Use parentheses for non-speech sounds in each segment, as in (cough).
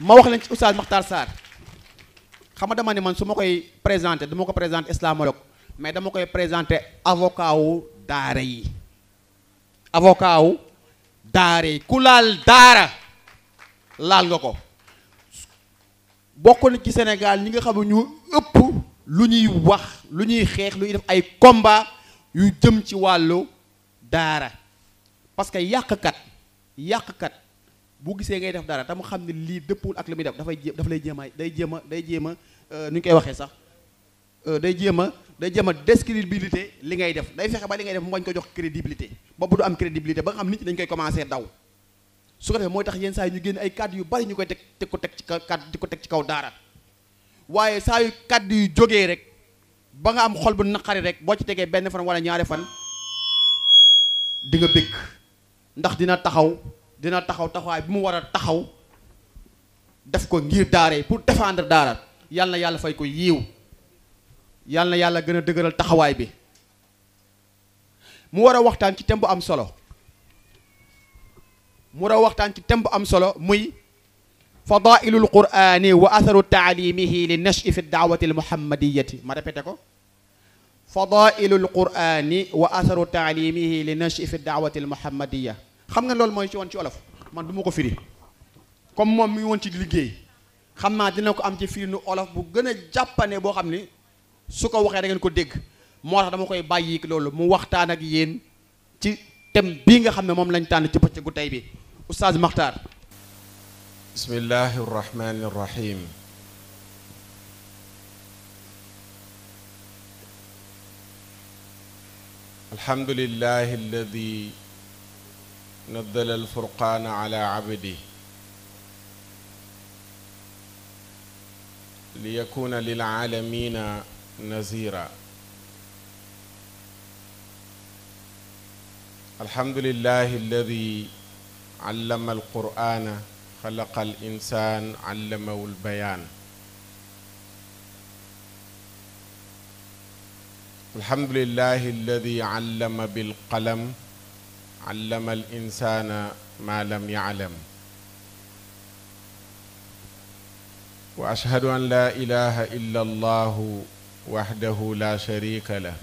ma wax leen ci oustaz Makhtar Sarr xam nga dama ne man su ma koy présenté dama ko présenté islamologue mais dama koy présenté avocat wu daara yi avocat wu ku laal daara laal nga ko bokk na ci senegal ñi nga xam ñu ëpp lu ñuy wax lu ñuy xeex lu ñuy def ay komba yu jëm ci wàllu daara parce que yàqkat yàqkat boo gisee ngay def dara te mu xam ne lii dëppul ak li muy def dafay jéem daf lay jéem day jéema day jéema a nu ñu koy waxee sax day jéem a day jéem a euh, euh, descrédibilité li ngay def day fexe ba li ngay def mu ko jox crédibilité bopp du am crédibilité ba nga xam nit ñi dañ koy commencé daw su ko defee mooy tax yenn saa yi ñu génn ay kàddu yu bari ñu koy teg teg ko teg ci kaw kàddu di ko teg ci kaw daara waaye saa yu kàddu yu jógee rek ba nga am xol bu naqari rek boo ci tegee benn fan wala ñaari fan di nga bëgg ndax dina taxaw dina taxaw taxawaay bi mu war a taxaw def ko ngir daara yi pour défendre daara yàlla na yàlla fay ko yiw yàlla na yàlla gën a dëgëral taxawaay bi mu war a waxtaan ci thème bu am solo mu war a waxtaan ci thème bu am solo muy fadailul qurani wa atharu taalimihi li nashi fi daawati almuhammadiyati ma répété ko fadailul qurani wa atharu taalimihi li nashi fi daawati almuhammadiya xam nga loolu mooy ci woon ci olof man duma ko firi comme moom mi ngi ci liggéey xam naa dina ko am ci firi nu olof bu gën a jàppane boo xam ni su ko waxee da ko dégg moo tax dama koy bàyyi loolu mu waxtaan ak yéen ci thème bii nga xam ne moom lañ tànn ci bëccëgu tey bi oustaz Makhtar bismillahi rrahmani rrahim alhamdulillahi alladi nazzala alfurqaana ala abdi li yakuna lil aalamiina nazira alhamdulilahi alladi allama alqur'aana xalaqa al insaan allamahu lbayaan alhamdulilahi alladi allama bilqalam allama al insaana maa lam yaalam wa ashhadu an laa ilaha illa allahu waxdahu la sharika lah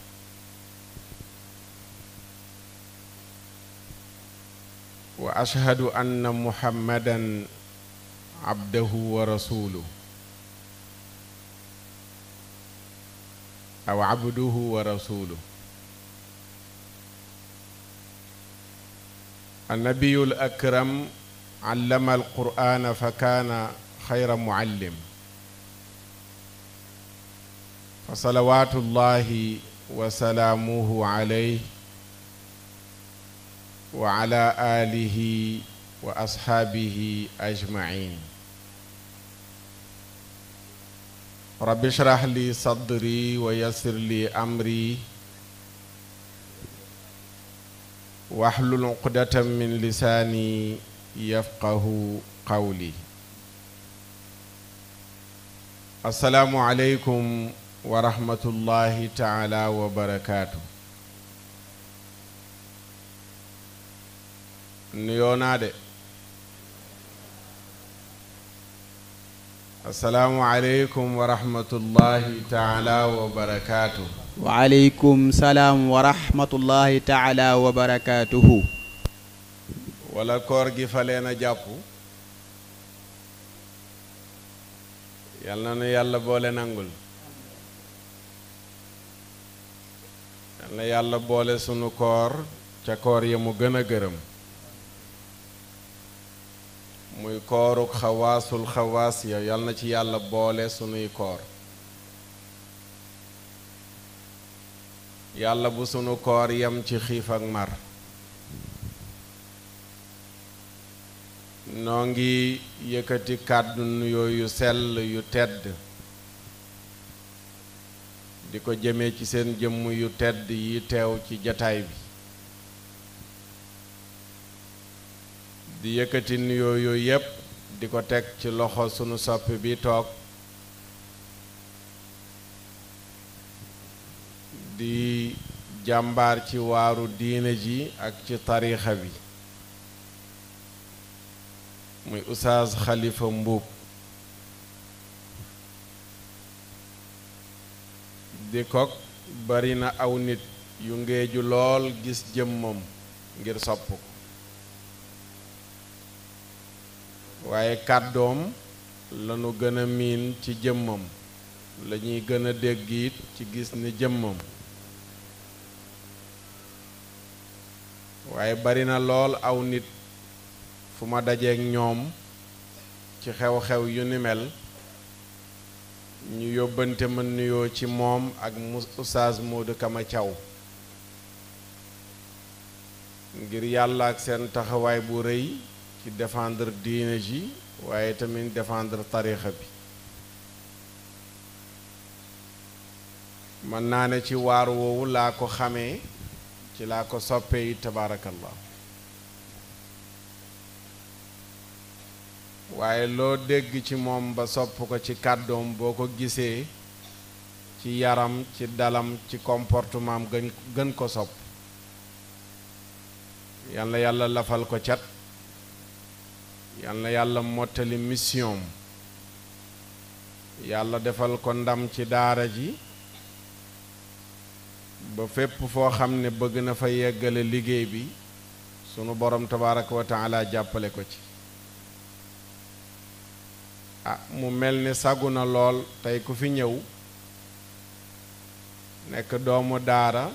wa ashhadu anna muhammadan abdahu wa rasuluh aw abduhu wa rasuluh annabiyul akram allama alqur'ana fa kaana xayra muallim fa salawaatullahi wa salaamuhu alayhi wa ala alihi wa ashaabihi ajmain rabbi shrah li sadri wa yassir li amri wahlul uqdatam min lisaani yafqahu qawli assalaamu aleykum wa rahmatullahi taala wa barakaatu nuyoo naa de salaam wa rahmatullahi taala wa barakaatuhu. wala koor gi fa leen a jàpp. yal na nu yàlla boole nangul. yal na yàlla boole sunu koor ca koor ya mu gën a gërëm. muy kooruk xawaasul xawaas ya yal ci yàlla boole sunuy koor yàlla bu sunu koor yem ci xiif ak mar noo ngi yëkkati kàddu nuyoo sell yu tedd di ko jëmee ci seen jëmm yu tedd yi teew ci jataay bi di yëkkati nuyoo yooyu yépp di ko teg ci loxo sunu sopp bi toog di jàmbaar ci waaru diine ji ak ci tariixa bi muy Oustaz xalifa Mboup di kok bari na aw nit yu ngeeju lool gis jëmmam ngir sopp ko waaye kàddoom lanu gëna miin ci jëmmam la gëna gën dégg ci gis ni jëmmam waaye bari na lool aw nit fu ma dajeek ñoom ci xew-xew yu ni mel ñu yóbbante ma nuyoo ci moom ak Oustaz Modou Kama Thiaw ngir yàlla ak seen taxawaay bu rëy ci défendre diine waaye tamit défendre tarixa bi mën naa ne ci waar woowu laa ko xamee ci laa ko soppee yi tabaarakallah waaye loo dégg ci moom ba sopp ko ci kàddoom boo ko gisee ci yaram ci dalam ci comportement gën ko sopp yàlla yàlla lafal ko cat yal na yàlla mottali mission yàlla defal ko ndam ci daara ji ba fépp foo xam ne bëgg na fa yeggale liggéey bi sunu boroom tabaaraka wa taala jàppale ko ci ah mu mel ni sagu na lool tey ku fi ñëw nekk doomu daara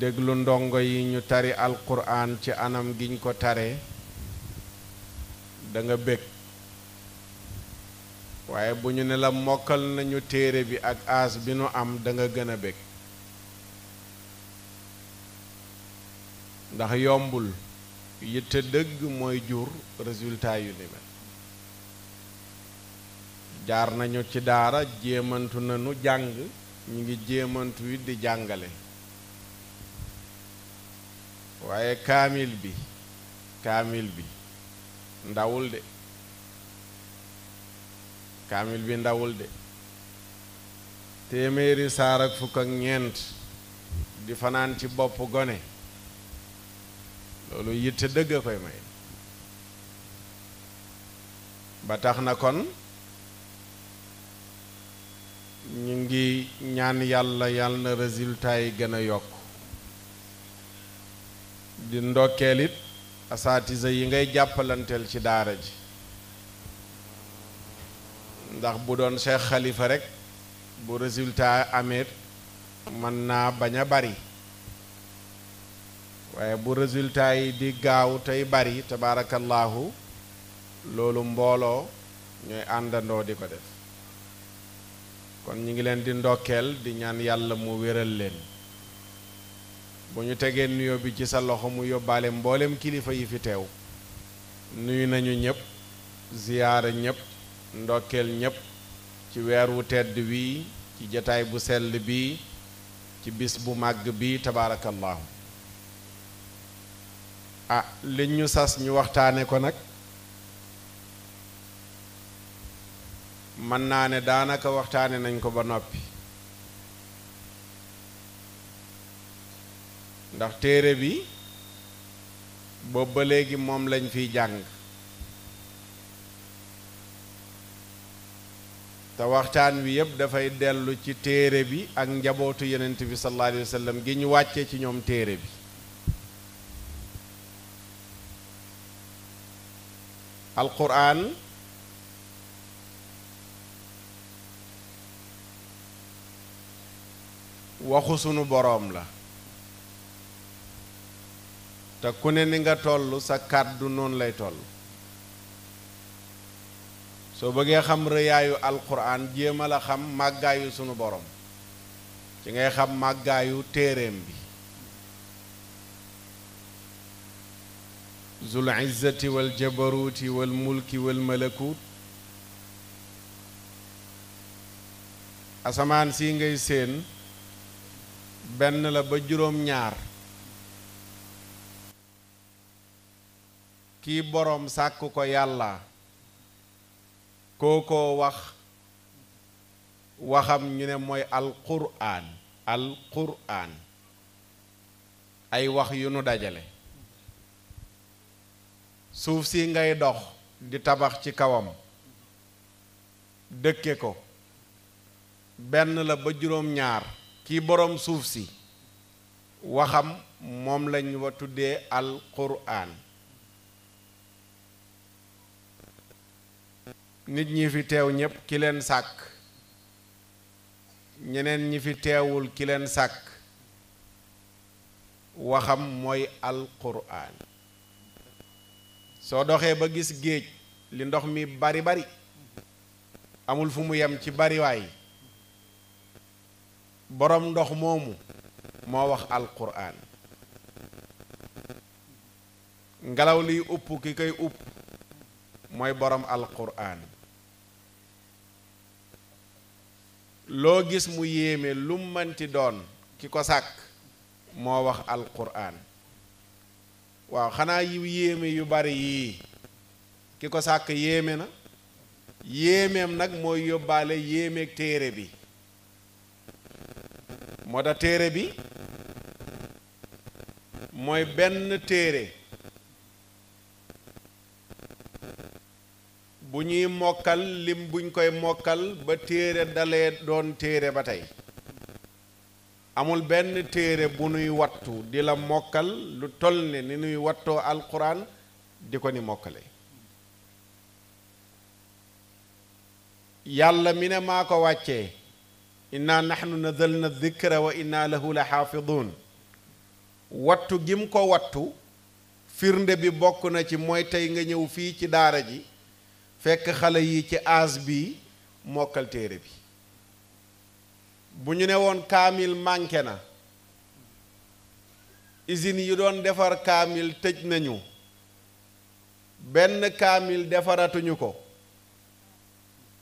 déglu ndongo yi ñu tari alquran ci anam giñ ko tare da bég waaye bu ñu ne la mokkal nañu téere bi ak aas bi nu am danga gën a bég ndax yombul yitte dëgg mooy jur résultat yu ni mel jaar nañu ci daara jéemantu nañu jàng ñu ngi jéemantu it di jàngale waaye kaamil bi kaamil bi ndawul de kaamil bi ndawul de téeméeri saar ak fukk ak ñeent di fanaan ci bopp gone loolu yitte dëgg a koy may ba tax na kon ñu ngi ñaan yàlla yàlla na résultat yi gën a yokk di ndokkeel it asaatisa yi ngay jàppalanteel ci daara ji ndax bu doon Cheikh Khalifa rek bu résultat amee mën naa bañ a bari waaye bu résultat yi di gaaw tey bari tabaarakallaahu loolu mbooloo ñooy àndandoo di ko def kon ñu ngi leen di ndokkeel di ñaan yàlla mu wéral leen bu ñu tegee nuyoo bi ci sa loxo mu yóbbaale mbooleem kilifa yi fi teew nuyu nañu ñëpp ziyaara ñépp ndokkeel ñépp ci weer wu tedd wii ci jataay bu sell bi ci bis bu màgg bi tabaarakallaahu ah liñ ñu sas ñu waxtaane ko nag mën naa ne daanaka waxtaane nañ ko ba noppi ndax téere bi boobu ba léegi moom lañ fiy jàng te waxtaan wi yépp dafay dellu ci téere bi ak njabootu yenent bi sallallahu alayhi wa gi ñu wàcce ci ñoom téere bi alquran waxu sunu boroom la te ku ne ni nga tollu sa kàddu noonu lay toll soo bëggee xam rëyaayu alxuraan jéem a xam màggaayu sunu boroom ci ngay xam màggaayu téereem bi zul izzati wal jabaruuti wal mulki wal malakuut asamaan si ngay séen benn la ba juróom ñaar kii boroom sàkk ko yàlla koo ko wax waxam ñu ne mooy alquraan alquraan ay wax yu nu dajale suuf si ngay dox di tabax ci kawam dëkke ko benn la ba juróom ñaar kii boroom suuf si waxam moom lañu wa tuddee alquraan nit ñi fi teew ñépp ki leen sàkk ñeneen ñi fi teewul ki leen sàkk waxam mooy alquran soo doxee ba gis géej li ndox mi bari bari amul fu mu yem ci bariwaay boroom ndox moomu moo wax alquran ngelaw liy upp ki koy upp mooy boroom alquran loo gis mu yéeme lu mënti doon ki ko sàkk moo wax alquran waaw xanaa yu yéeme yu bari yii ki ko sàkk yéeme na yéemeem nag mooy yóbbaale yéemeeg téere bi moo téere bi mooy benn téere bu ñuy mokkal lim buñ koy mokkal ba téere dalee doon téere ba tey amul benn téere bu nuy wattu di la mokkal lu toll ne ni nuy wattoo alquran di ko ni mokkale yàlla mi ne maa ko wàccee inna nahnu nazalna dikra wa inna lahu la xaafidun wattu gim ko wattu firnde bi bokk na ci mooy tey nga ñëw fii ci daara ji fekk xale yi ci aas bi mokkal téere bi bu ñu ne woon kaamil manqué na usines yi doon defar kaamil tëj nañu benn kaamil defaratuñu ko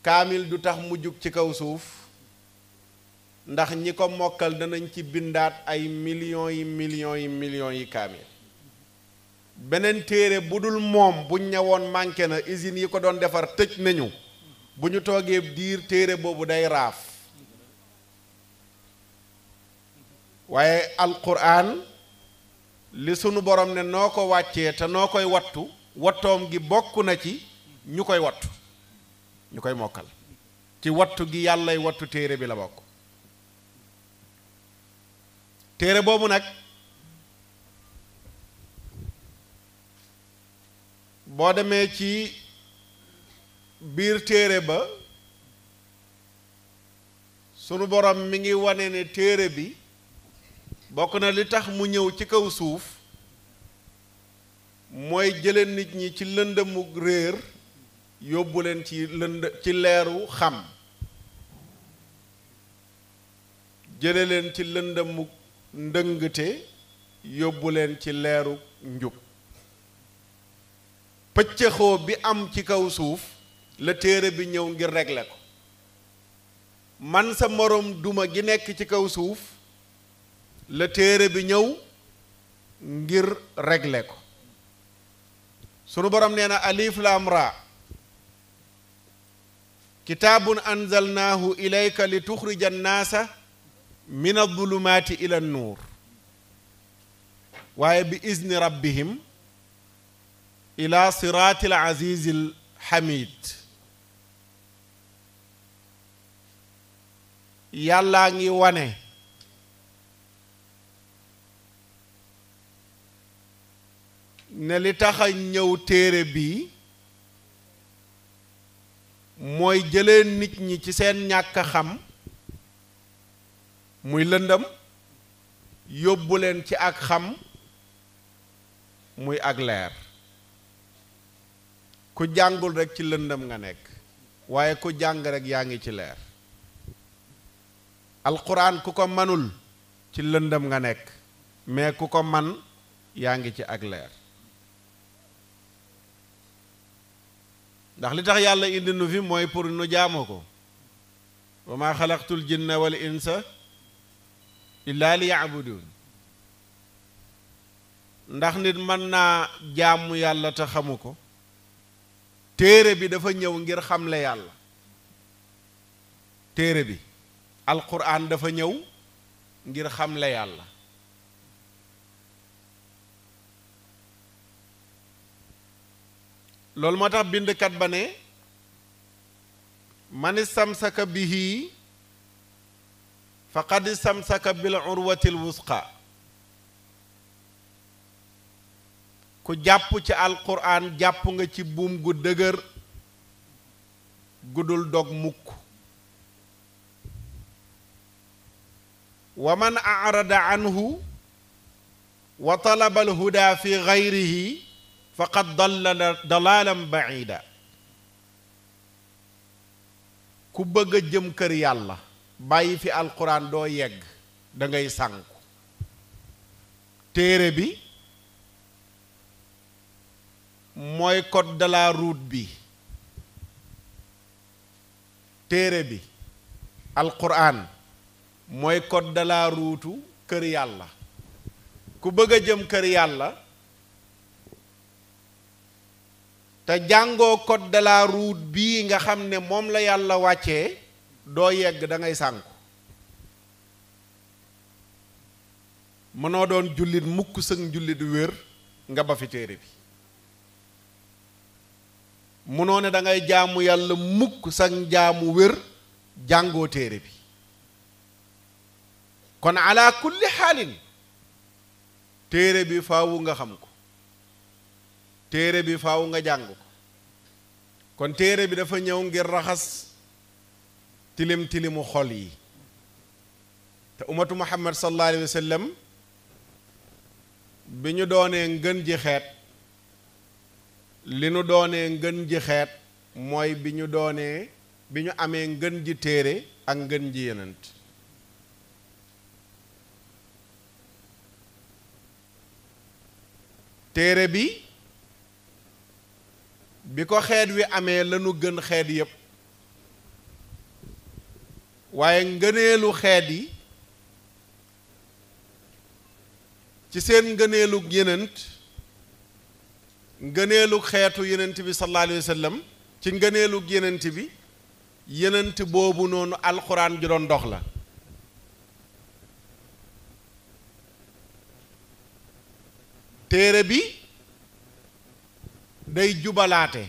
kaamil du tax mu jug ci kaw suuf ndax ñi ko mokkal danañ ci bindaat ay millions yi millions yi millions yi kaamil beneen téere bu dul moom bu ñawoon manqué na usines yi ko doon defar tëj nañu bu ñu toogee diir téere boobu day raaf waaye alquran li sunu borom ne noo ko wàccee te noo koy wattu wattoom gi bokk na ci ñu koy wattu ñu koy mokkal ci wattu gi yàllay wattu téere bi la bokk téere boobu nag boo demee ci biir téere ba sunu borom mi ngi wane ne téere bi bokk na li tax mu ñëw ci kaw suuf mooy jële nit ñi ci lëndëmug réer yóbbu leen ci lënd ci leeru xam jële leen ci lëndëmug ndëngte yóbbu leen ci leeru njub pëccëxoo bi am ci kaw suuf la téere bi ñëw ngir régler ko man sa moroom duma gi nekk ci kaw suuf la téere bi ñëw ngir régler ko sunu borom nee na alif laam ra kitaabun anzalnaahu ilayka li tuxrija annaasa min adulumaati ila nuur waaye bi izni rabbihim ila siraatil azizil hamid yàllaa ngi wane ne li tax a ñëw téere bi mooy jëlee nit ñi ci seen ñàkk xam muy lëndëm yóbbu leen ci ak xam muy ak leer ku jàngul rekk ci lëndëm nga nekk waaye ku jàng rekk yaa ngi ci leer alxuraan ku ko manul ci lëndëm nga nekk mais ku ko man yaa ngi ci ak leer ndax li tax yàlla indi nu fi mooy pour nu jaamu ko wa maa xalaqtul jinna wal insa illaa li yaabudun ndax nit mën naa jaamu yàlla te xamu ko téere bi dafa ñëw ngir xamle yàlla téere bi alquran dafa ñëw ngir xamle yàlla loolu moo tax bindkat ba ne man istamsaka bihi faqad bi la urwatil wuska ku jàpp ci alquran jàpp nga ci buum gu dëgër gudul dog mukk wa man arada anhu wa talaba alhuda fi gayrihi faqad dalla dalalan baida ku bëgg a jëm kër yàlla bàyyi fi alquran doo yegg dangay ngay téere bi mooy code de la bi téere bi alquran mooy code de la kër yàlla ku bëgg a jëm kër yàlla te jàngoo kot de la bii nga xam ne moom la yàlla wàccee doo yegg dangay ngay sànku mënoo doon jullit mukk sëg jullit wér nga ba fi téere bi mënoo ne dangay jaamu yàlla mukk sa jaamu wér jàngoo téere bi kon ala kulli xaalin téere bi faawu nga xam ko téere bi faawu nga jàng ko kon téere bi dafa ñëw ngir raxas tilim tilimu xol yi te umatu muhammad sallallahu alayhi wa sallam bi ñu doonee ngën ji xeet li nu doonee ngën ji xeet mooy bi ñu doonee bi ñu amee ngën ji téere ak ngën ji yenant téere bi bi ko xeet wi amee lanu gën xeet yépp waaye ngëneelu xeet yi ci seen ngëneelu yenant ngëneelu xeetu yenent bi sallallahu alayhi wa ci ngëneelu yenent bi yenent boobu noonu alxuraan ju doon dox la téere bi day jubalaate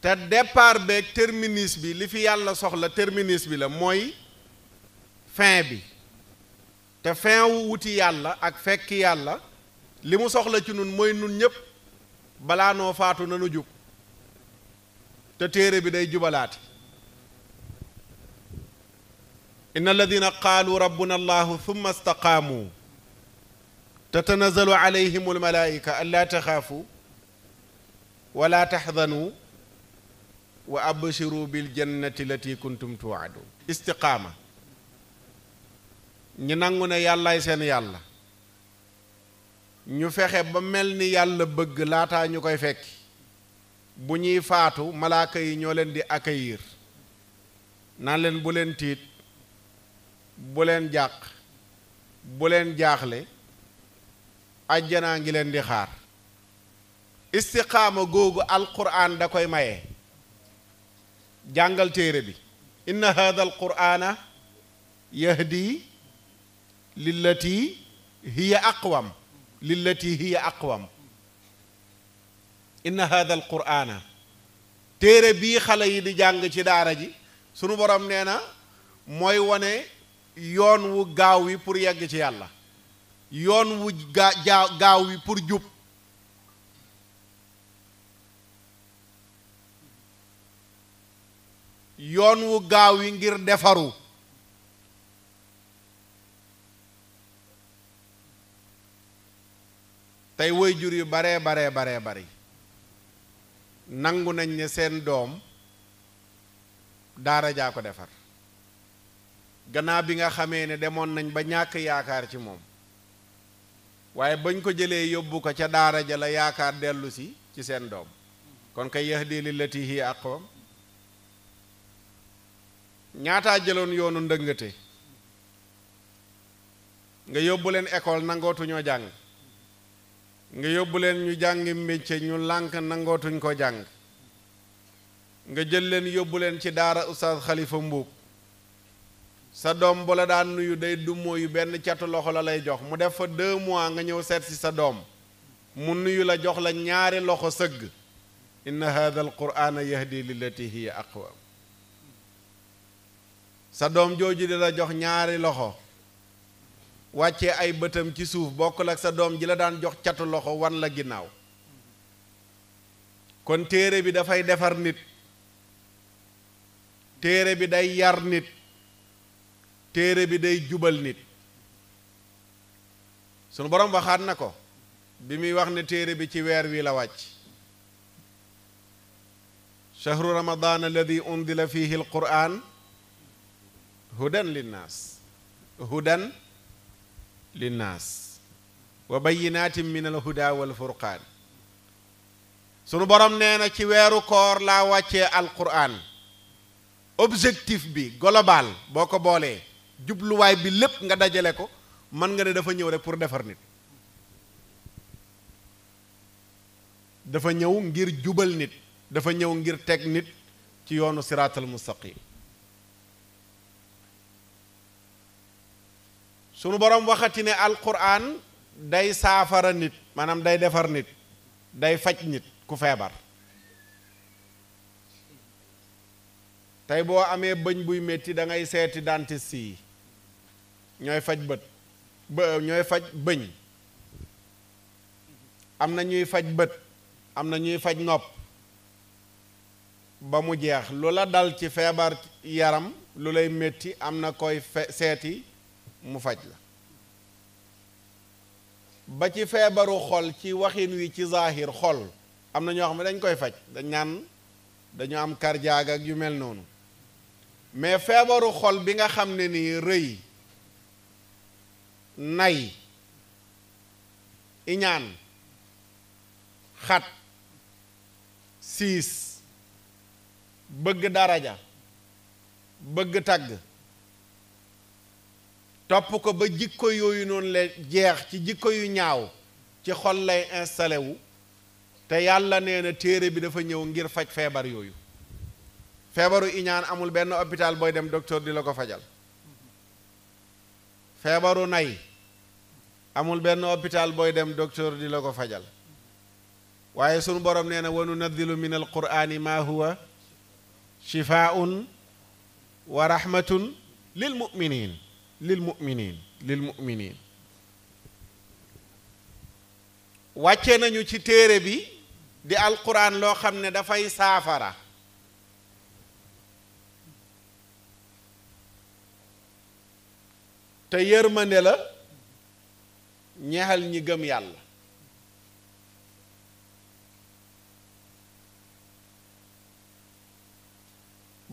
te départ beeg terminus bi li fi yàlla soxla terminus bi la mooy fin bi te fin wu wuti yàlla ak fekk yàlla li mu soxla ci nun mooy nun ñépp balaa noo faatu nanu jub te téere bi day jubalaate inna alladina qaalu rabbuna allahu thumma istaqaamu tatanazalu alayhim almalaika an laa taxaafu wala wa abshiru biljannati lati kuntum nangu ne yàllaay seen yàlla ñu fexe ba mel ni yàlla bëgg laataa ñu koy fekki bu ñuy faatu malaaka yi ñoo leen di accueillir naan leen bu leen tiit bu leen jàq bu leen jaaxle ajjanaa ngi leen di xaar istiqaama googu alquran da koy maye jàngal téere bi inna hada alqurana yahdi lillati hiya aqwam lillati hiya aqwam inna hada al qur'ana téere bii xale yi di jàng ci daara ji sunu borom nee na mooy wone yoon wu gaaw wi pour yegg ci yàlla yoon wu gaaw wi pour jub yoon wu gaaw yi ngir defaru tey woy jur yu baree baree baree bari nangu nañ ne seen doom daara jaa ko defar gannaaw bi nga xamee ne demoon nañ ba ñàkk yaakaar ci moom waaye bañ ko jëlee yóbbu ko ca daara ja la yaakaar dellusi ci seen doom kon kay yahdi lillati hi aqwam ñaataa jëloon yoonu ndëngate nga yóbbu leen école nangootuñoo jàng nga yóbbu leen ñu jàngi métier ñu lànk nangootuñ ko jàng nga jël leen yóbbu leen ci daara oustaz xalifa mbuub sa doom bu la daan nuyu day dummoo benn catu loxo la lay jox mu def fa deux mois nga ñëw seet si sa doom mu nuyu la jox la ñaari loxo sëgg inna hadha al qurana yahdi lillati hiya aqwam sa doom jooju di la jox ñaari loxo wàcce ay bëtam ci suuf bokkul ak sa doom ji la daan jox catu loxo wan la ginnaaw kon téere bi dafay defar nit téere bi day yar nit téere bi day jubal nit sunu borom waxaat na ko bi muy wax ni téere bi ci weer wi la wàcc chahru ramadan alladi undila fihi alquran hudan linnaas hudan linnaas wa bayyinaatin min alhuda wal furqaan sunu borom nee na ci weeru koor laa wàccee alquran objectif bi global boo ko boolee jubluwaay bi lépp nga dajale ko mën nga ne dafa ñëw rek pour defar nit dafa ñëw ngir jubal nit dafa ñëw ngir teg nit ci yoonu siraatal mustaqim sunu borom waxati ne alquran day saafara nit maanaam day defar nit day faj nit ku feebar tey boo amee bëñ buy métti da ngay seeti dentiste yi ñooy faj bët ñooy faj bëñ am na ñuy faj bët am na ñuy faj nopp ba mu jeex lu la dal ci feebar yaram lu lay métti am na koy fe seeti mu faj la ba ci feebaru xol ci waxin wi ci zaahir xol am na ñoo xam ne dañ koy faj dañ naan dañu am cardiaque ak yu mel noonu mais feebaru xol bi nga xam ne nii rëy nay iñaan xat siis bëgg daraja bëgg tagg topp ko ba jikko yooyu noonu la jeex ci jikko yu ñaaw ci xol lay installé wu te yàlla nee na téere bi dafa ñëw ngir faj feebar yooyu feebaru iñaan amul benn hôpital booy dem docteur di la ko fajal feebaru nay amul benn hôpital booy dem docteur di ko fajal waaye sunu borom nee na wa nunazzilu min alqur'ani ma huwa shifaun wa rahmatun lil muminin lil muminin lil muminin wàcce nañu ci téere bi di alxuraan loo xam ne dafay saafara te yërmande la ñeexal ñi gëm yàlla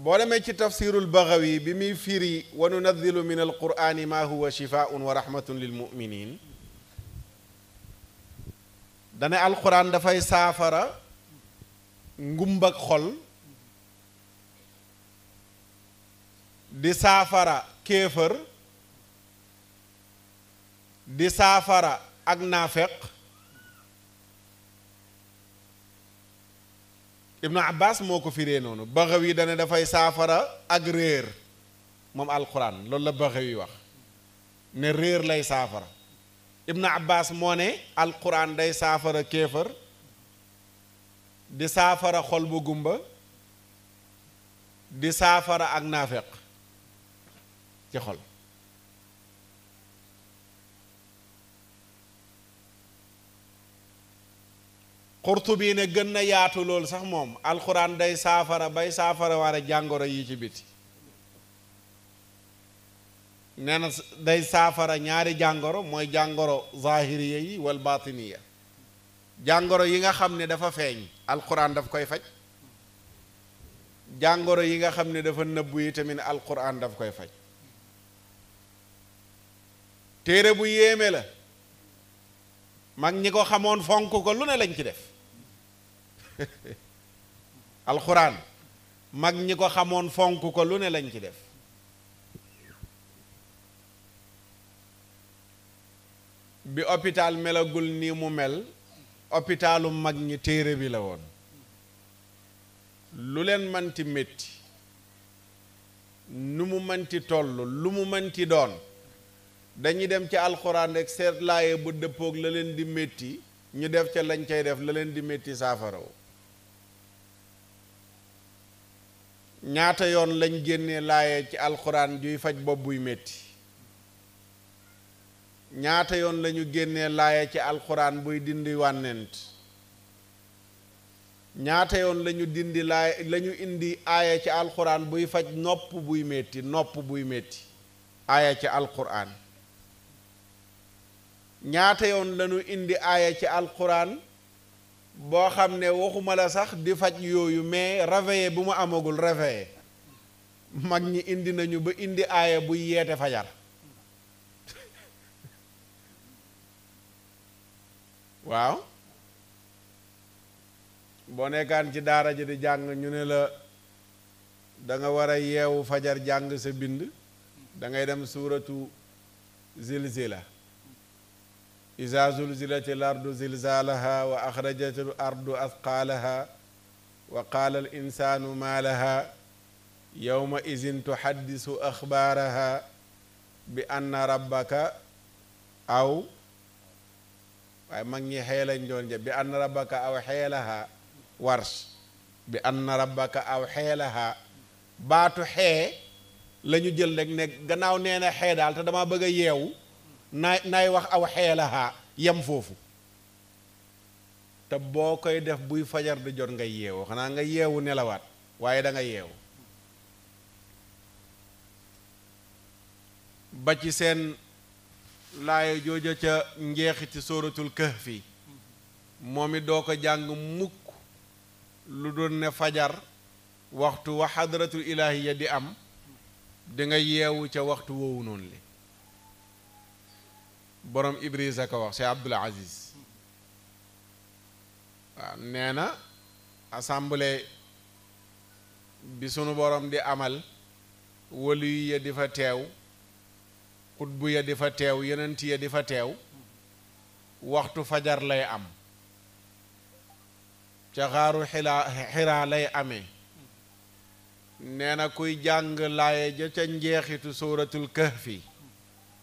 boo demee ci tafsirul baxawi bi muy firi wa nunadilu min alqurani ma huwa shifaun wa rahmatun lil muminin dane alquran dafay saafara ngumbak xol di saafara kéefër di saafara ak naafeq ibnu abbas moo ko firee noonu Baghawi dane dafay saafara ak réer moom alquran loolu la Baghawi wax ne réer lay saafara ibnu abbas moo ne alquran day saafara kéefër di saafara xol bu gumba di saafara ak naafeq ci xol Qurtubi ne gën na yaatu lool sax moom alxuraan day saafara bay saafara war a jàngoro yi ci biti nee na day saafara ñaari jàngoro mooy jàngoro zahiriya yi wal batiniya jàngoro yi nga xam ne dafa feeñ alxuraan daf koy faj jàngoro yi nga xam ne dafa nëbbu yi tamit alxuraan daf koy faj téere bu yéeme la mag ñi ko xamoon fonk ko lu ne lañ ci def (laughs) alxuraan mag ñi ko xamoon fonk ko lu ne lañ ci def bi hôpital melagul nii mu mel hôpitalu mag ñi téere bi la woon lu leen manti metti nu mu manti toll lu mu manti doon dañuy dem ci alxuraan rek seet bu dëppook la leen di métti ñu def ca lañ cay def la leen di métti saafaraw ñaata yoon lañ génne laaye ci alxuraan juy faj bopp buy metti ñaata yoon lañu génnee laaye ci alxuraan buy dindi wànnent ñaata yoon lañu dindi laaye lañu indi aaya ci alxuraan buy faj nopp buy metti nopp buy metti aaya ci alxuraan ñaata yoon lañu indi aaya ci alxuraan boo xam ne waxuma la sax di faj yooyu mais réveillé bu ma amagul réveillé mag ñi indi nañu ba indi aaya buy yeete fajar waaw boo nekkaan ci daara ji di jàng ñu ne la danga war a yeewu fajar jàng sa bind dangay ngay dem suuratu zilzila izaa zulzilati l ardu zilzaalaha wa axrajati l ardu wa qaala al insaanu yowma izin tuhaddisu axbaaraha bi anna rabbaka aw waaye mag ñi xee lañ doon jëf bi anna rabbaka aw xeelaha wars bi anna rabbaka aw xeelaha baatu xee la jël rek ne gannaaw nee na xee daal te dama bëgg a yeewu naay naay wax aw xeelahaa yem foofu te boo koy def buy fajar di jot nga yeewu xanaa nga yeewu nelawaat waaye da nga yeewu ba ci seen laaya jooja ca njeexiti sóoratul fii moom it doo ko jàng mukk lu doon ne fajar waxtu wa xadratul ilaahiya di am di yeewu ca waxtu woowu noonu li borom Ibrisa ko wax Cheikh Abdoul Aziz waaw nee na assemblée bi sunu borom di amal wëlu ya di fa teew xutbu ya di fa teew yenent ya di fa teew waxtu fajar lay am ca xaaru xilaa xiraa lay ame nee na kuy jàng laaye ja ca njeexitu suratul kahfi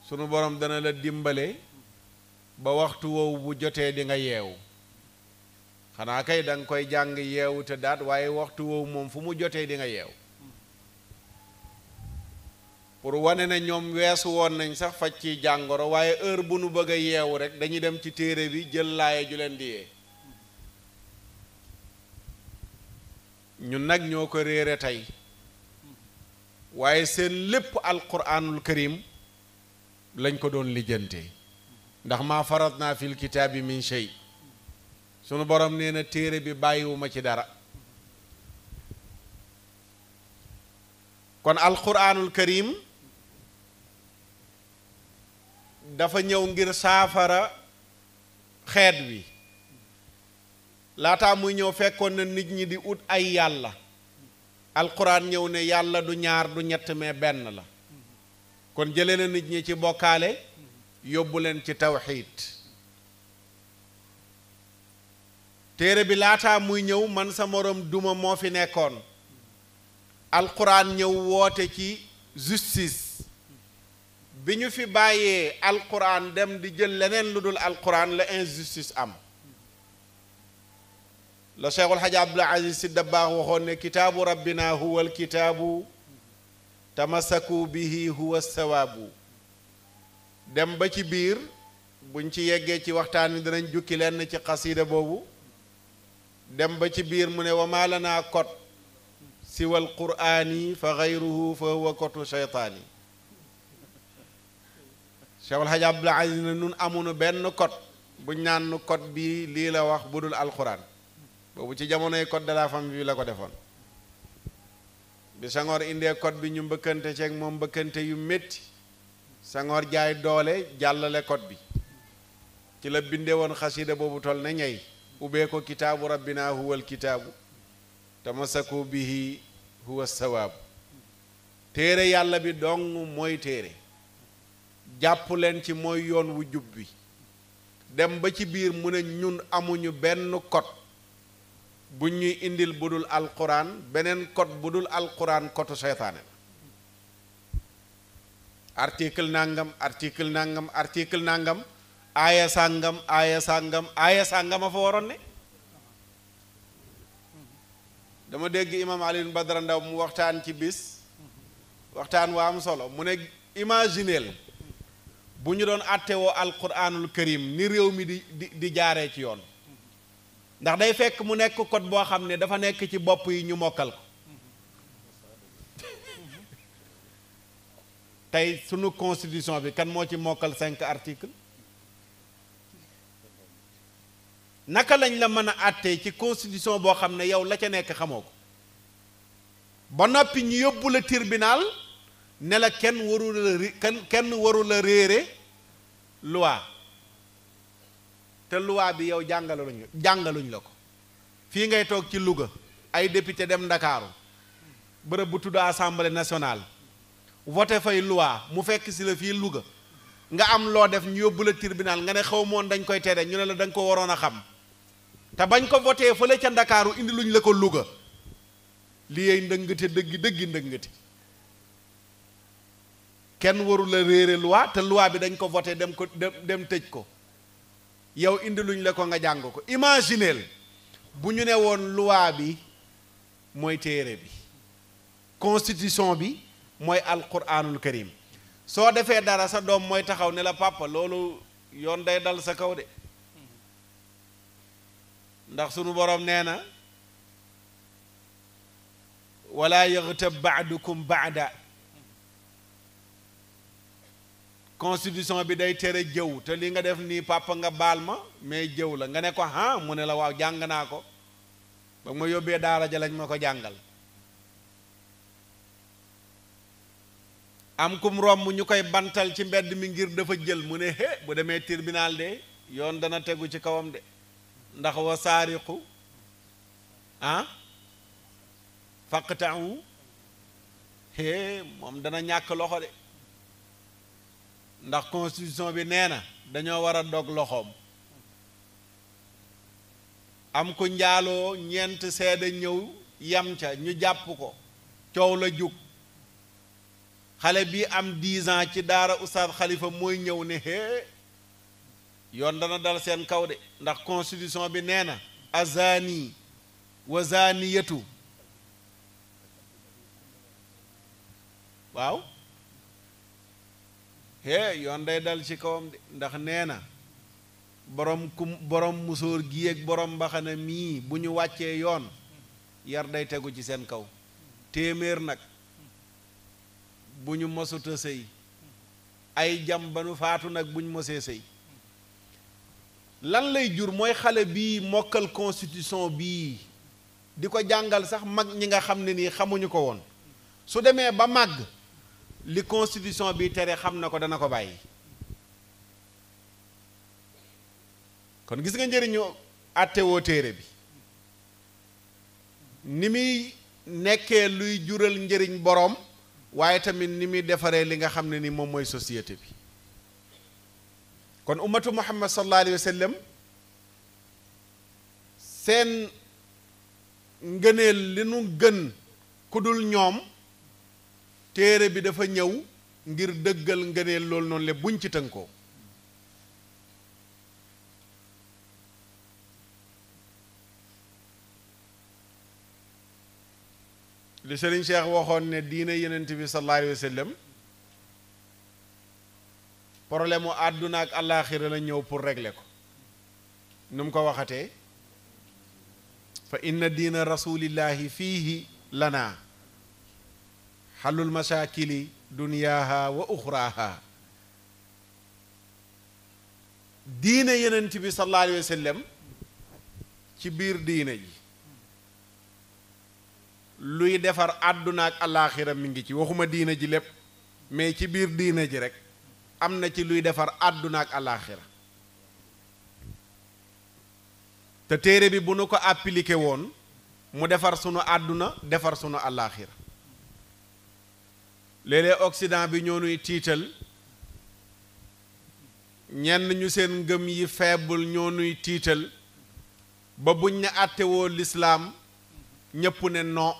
sunu borom dana la dimbale ba waxtu woowu bu jotee di nga yeewu xanaa kay danga koy jàng yeewu te daat waaye waxtu woowu moom fu mu jotee di nga yeewu pour wane na ñoom weesu woon nañ sax faj ci jàngoro waaye heure bu nu bëgg a yeewu rek dañuy dem ci téere bi jël laaye ju leen di yee ñun nag ñoo ko réere tey waaye seen lépp alquranul karim lañ ko doon lijjante ndax maa farat naa fil kitaabi min shay sunu borom nee na téere bi bàyyiwuma ci dara kon alquranul karim dafa ñëw ngir saafara xeet wi laataa muy ñëw fekkoon na nit ñi di ut ay yàlla alquran ñëw ne yàlla du ñaar du ñett mais benn la kon jële na nit ñi ci bokkaale yóbbu leen ci tawxiid téere bi laataa muy ñëw man sa moroom duma moo fi nekkoon alquran ñëw woote ci justice bi ñu fi bàyyee alquran dem di jël leneen lu dul alquran la injustice am la cheikhul xaaj abdul aziz si dabbaax waxoon ne kitaabu rabbina huwa alkitaabu tamasaku bi huwa sawaabu dem ba ci biir buñ ci yeggee ci waxtaan wi danañ jukki lenn ci xasiida boobu dem ba ci biir mu ne wa maa kot siwal quraani fa gayruhu fa huwa kotu sheytaani Cheikh El Hadj Aziz ne nun amuñu benn kot buñ naan nu kot bi lii la wax bu dul alxuraan boobu ci jamonoy kot de la bi la ko defoon bi Senghor indee code bi ñu mbëkkante ceeg moom mbëkkante yu metti sangoor jaay doole jàllale code bi ci la bindee woon xasida boobu tol ne ñey ubbee ko kitaabu rabbina huwal kitaabu tamasaku bihi huwa sawaabu téere yàlla bi dong mooy téere jàpp leen ci mooy yoon wu jub bi dem ba ci biir mu ne ñun amuñu benn kot bu ñuy indil bu dul alquran beneen kot bu dul alquran code seytaane la article nangam article nangam article nangam aaya sàngam aaya sàngam aaya sàngam a fa waroon ne dama dégg imam Alioune Badara Ndaw mu waxtaan ci bis waxtaan waa am solo mu ne imagineel bu ñu doon àttewoo alquranul karim ni réew mi di di di jaaree ci yoon ndax day fekk mu nekk code boo xam ne dafa nekk ci bopp yi ñu mokkal ko tey sunu constitution bi kan moo ci mokkal cinq articles naka lañ la mën a àttee ci constitution boo xam ne yow la ca nekk xamoo ko ba noppi ñu yóbbu la tribunal ne la kenn waru la kenn kenn waru la réere loi te luwaa bi yow jàngaluñ jàngaluñ la ko fii ngay toog ci Louga ay député dem ndakaaru bërëb bu tudd assemblée national voté fay luwaa mu fekk si la fii Louga nga am loo def ñu yóbbu la tribunal nga ne xaw moon dañ koy tere ñu ne la dañ nga ko waroon a xam te bañ ko voté fële ca ndakaaru indi luñ la ko Louga li yey ndëngate dëggi dëggi ndëngate kenn warul a réere luwaa te luwaa bi dañ ko voté dem ko dem tëj ko yow indi luñ la ko nga jàng ko imagineel bu ñu ne woon loi bi mooy téere bi constitution bi mooy alquranul karim soo defee dara sa doom mooy taxaw ne la papa loolu yoon day dal sa kaw de ndax sunu boroom nee na wala yaxtab baadukum baada constitution bi day tere jëw te li nga def nii papa nga baal ma mais jëw la nga ne ko ah mu ne la waaw jàng naa ko ba ma yóbbee daara ja lañ ma ko jàngal am kum romb ñu koy bantal ci mbedd mi ngir dafa jël mu ne hé bu demee tribunal de yoon dana tegu ci kawam de ndax wa saariqu ah faqta'u hé moom dana ñàkk loxo de ndax constitution bi nee na dañoo war a dog loxoom am ko njaaloo ñeent seede ñëw yam ca ñu jàpp ko coow la jug xale bi am dix ci daara Oustaz xalifa mooy ñëw ne hee yoon dana dal seen kaw de ndax constitution bi nee na azani wa zaniyatu waaw hee yoon day dal ci kawam de ndax nee na borom ku borom musóor gi ak borom mbaxane mii bu ñu wàccee yoon yar day tegu ci seen kaw téeméer nag bu ñu mosuta sëy ay jam ba nu faatu nag bu ñu mosee sëy lan lay jur mooy xale bii mokkal constitution bii di ko jàngal sax mag ñi nga xam ne nii xamuñu ko woon su demee ba màgg li constitution bi tere xam na ko dana ko bàyyi kon gis nga njëriñu àttewoo téere bi ni muy nekkee luy jural njëriñ boroom waaye tamit ni muy defaree li nga xam ne ni moom mooy société bi kon ummatu muhammad sallallahu alayhi wa seen ngëneel li nu gën ku dul ñoom téere bi dafa ñëw ngir dëggal ngëneel loolu noonu le buñ ci tënkoo li sëriñ Cheikh waxoon ne diina yenent bi sallallahu alayhi wa àdduna ak àllaaxira la ñëw pour régler ko nu ko waxatee fa inna diina rasulillahi fiihi lana xalul masaakili duniyaaha wa uxraaha diine yenent bi sallallahu alayhi wa ci biir diine ji luy defar àdduna ak alaaxira mi ngi ci waxuma diine ji lépp mais ci biir diine ji rek am na ci luy defar àdduna ak alaaxira te téere bi bu nu ko appliqué woon mu defar sunu àdduna defar sunu alaaxira léeg-léeg Occident bi ñoo nuy tiital ñenn ñu seen ngëm yi faible ñoo nuy tiital ba buñ ne àttewoo lislaam ñépp ne noo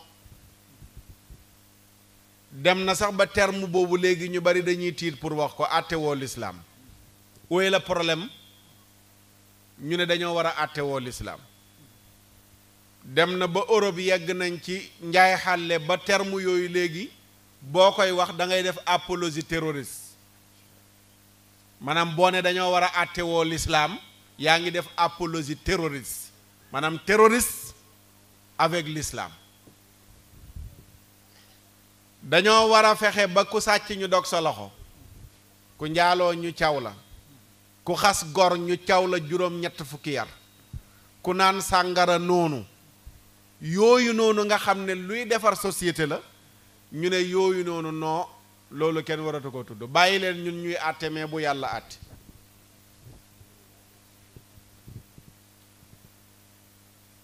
dem na sax ba terme boobu léegi ñu bari dañuy tiit pour wax ko àttewoo lislaam wooy la problème ñu ne dañoo war a àttewoo lislaam dem na ba Europe yegg nañ ci njaay xàlle ba terme yooyu léegi boo koy wax dangay def apologie terroriste maanaam boo ne dañoo war a àttewoo lislaam yaa ngi def apologie terroriste maanaam terroriste avec lislaam dañoo war a fexe ba ku sàcc ñu dog sa loxo ku njaaloo ñu caw la ku xas gor ñu caw la juróom-ñett fukki yar ku naan sàngara noonu yooyu noonu nga xam ne luy defar société la ñu ne yooyu noonu noo loolu kenn waratu ko tudd bàyyi leen ñun ñuy àtte mais bu yàlla àtte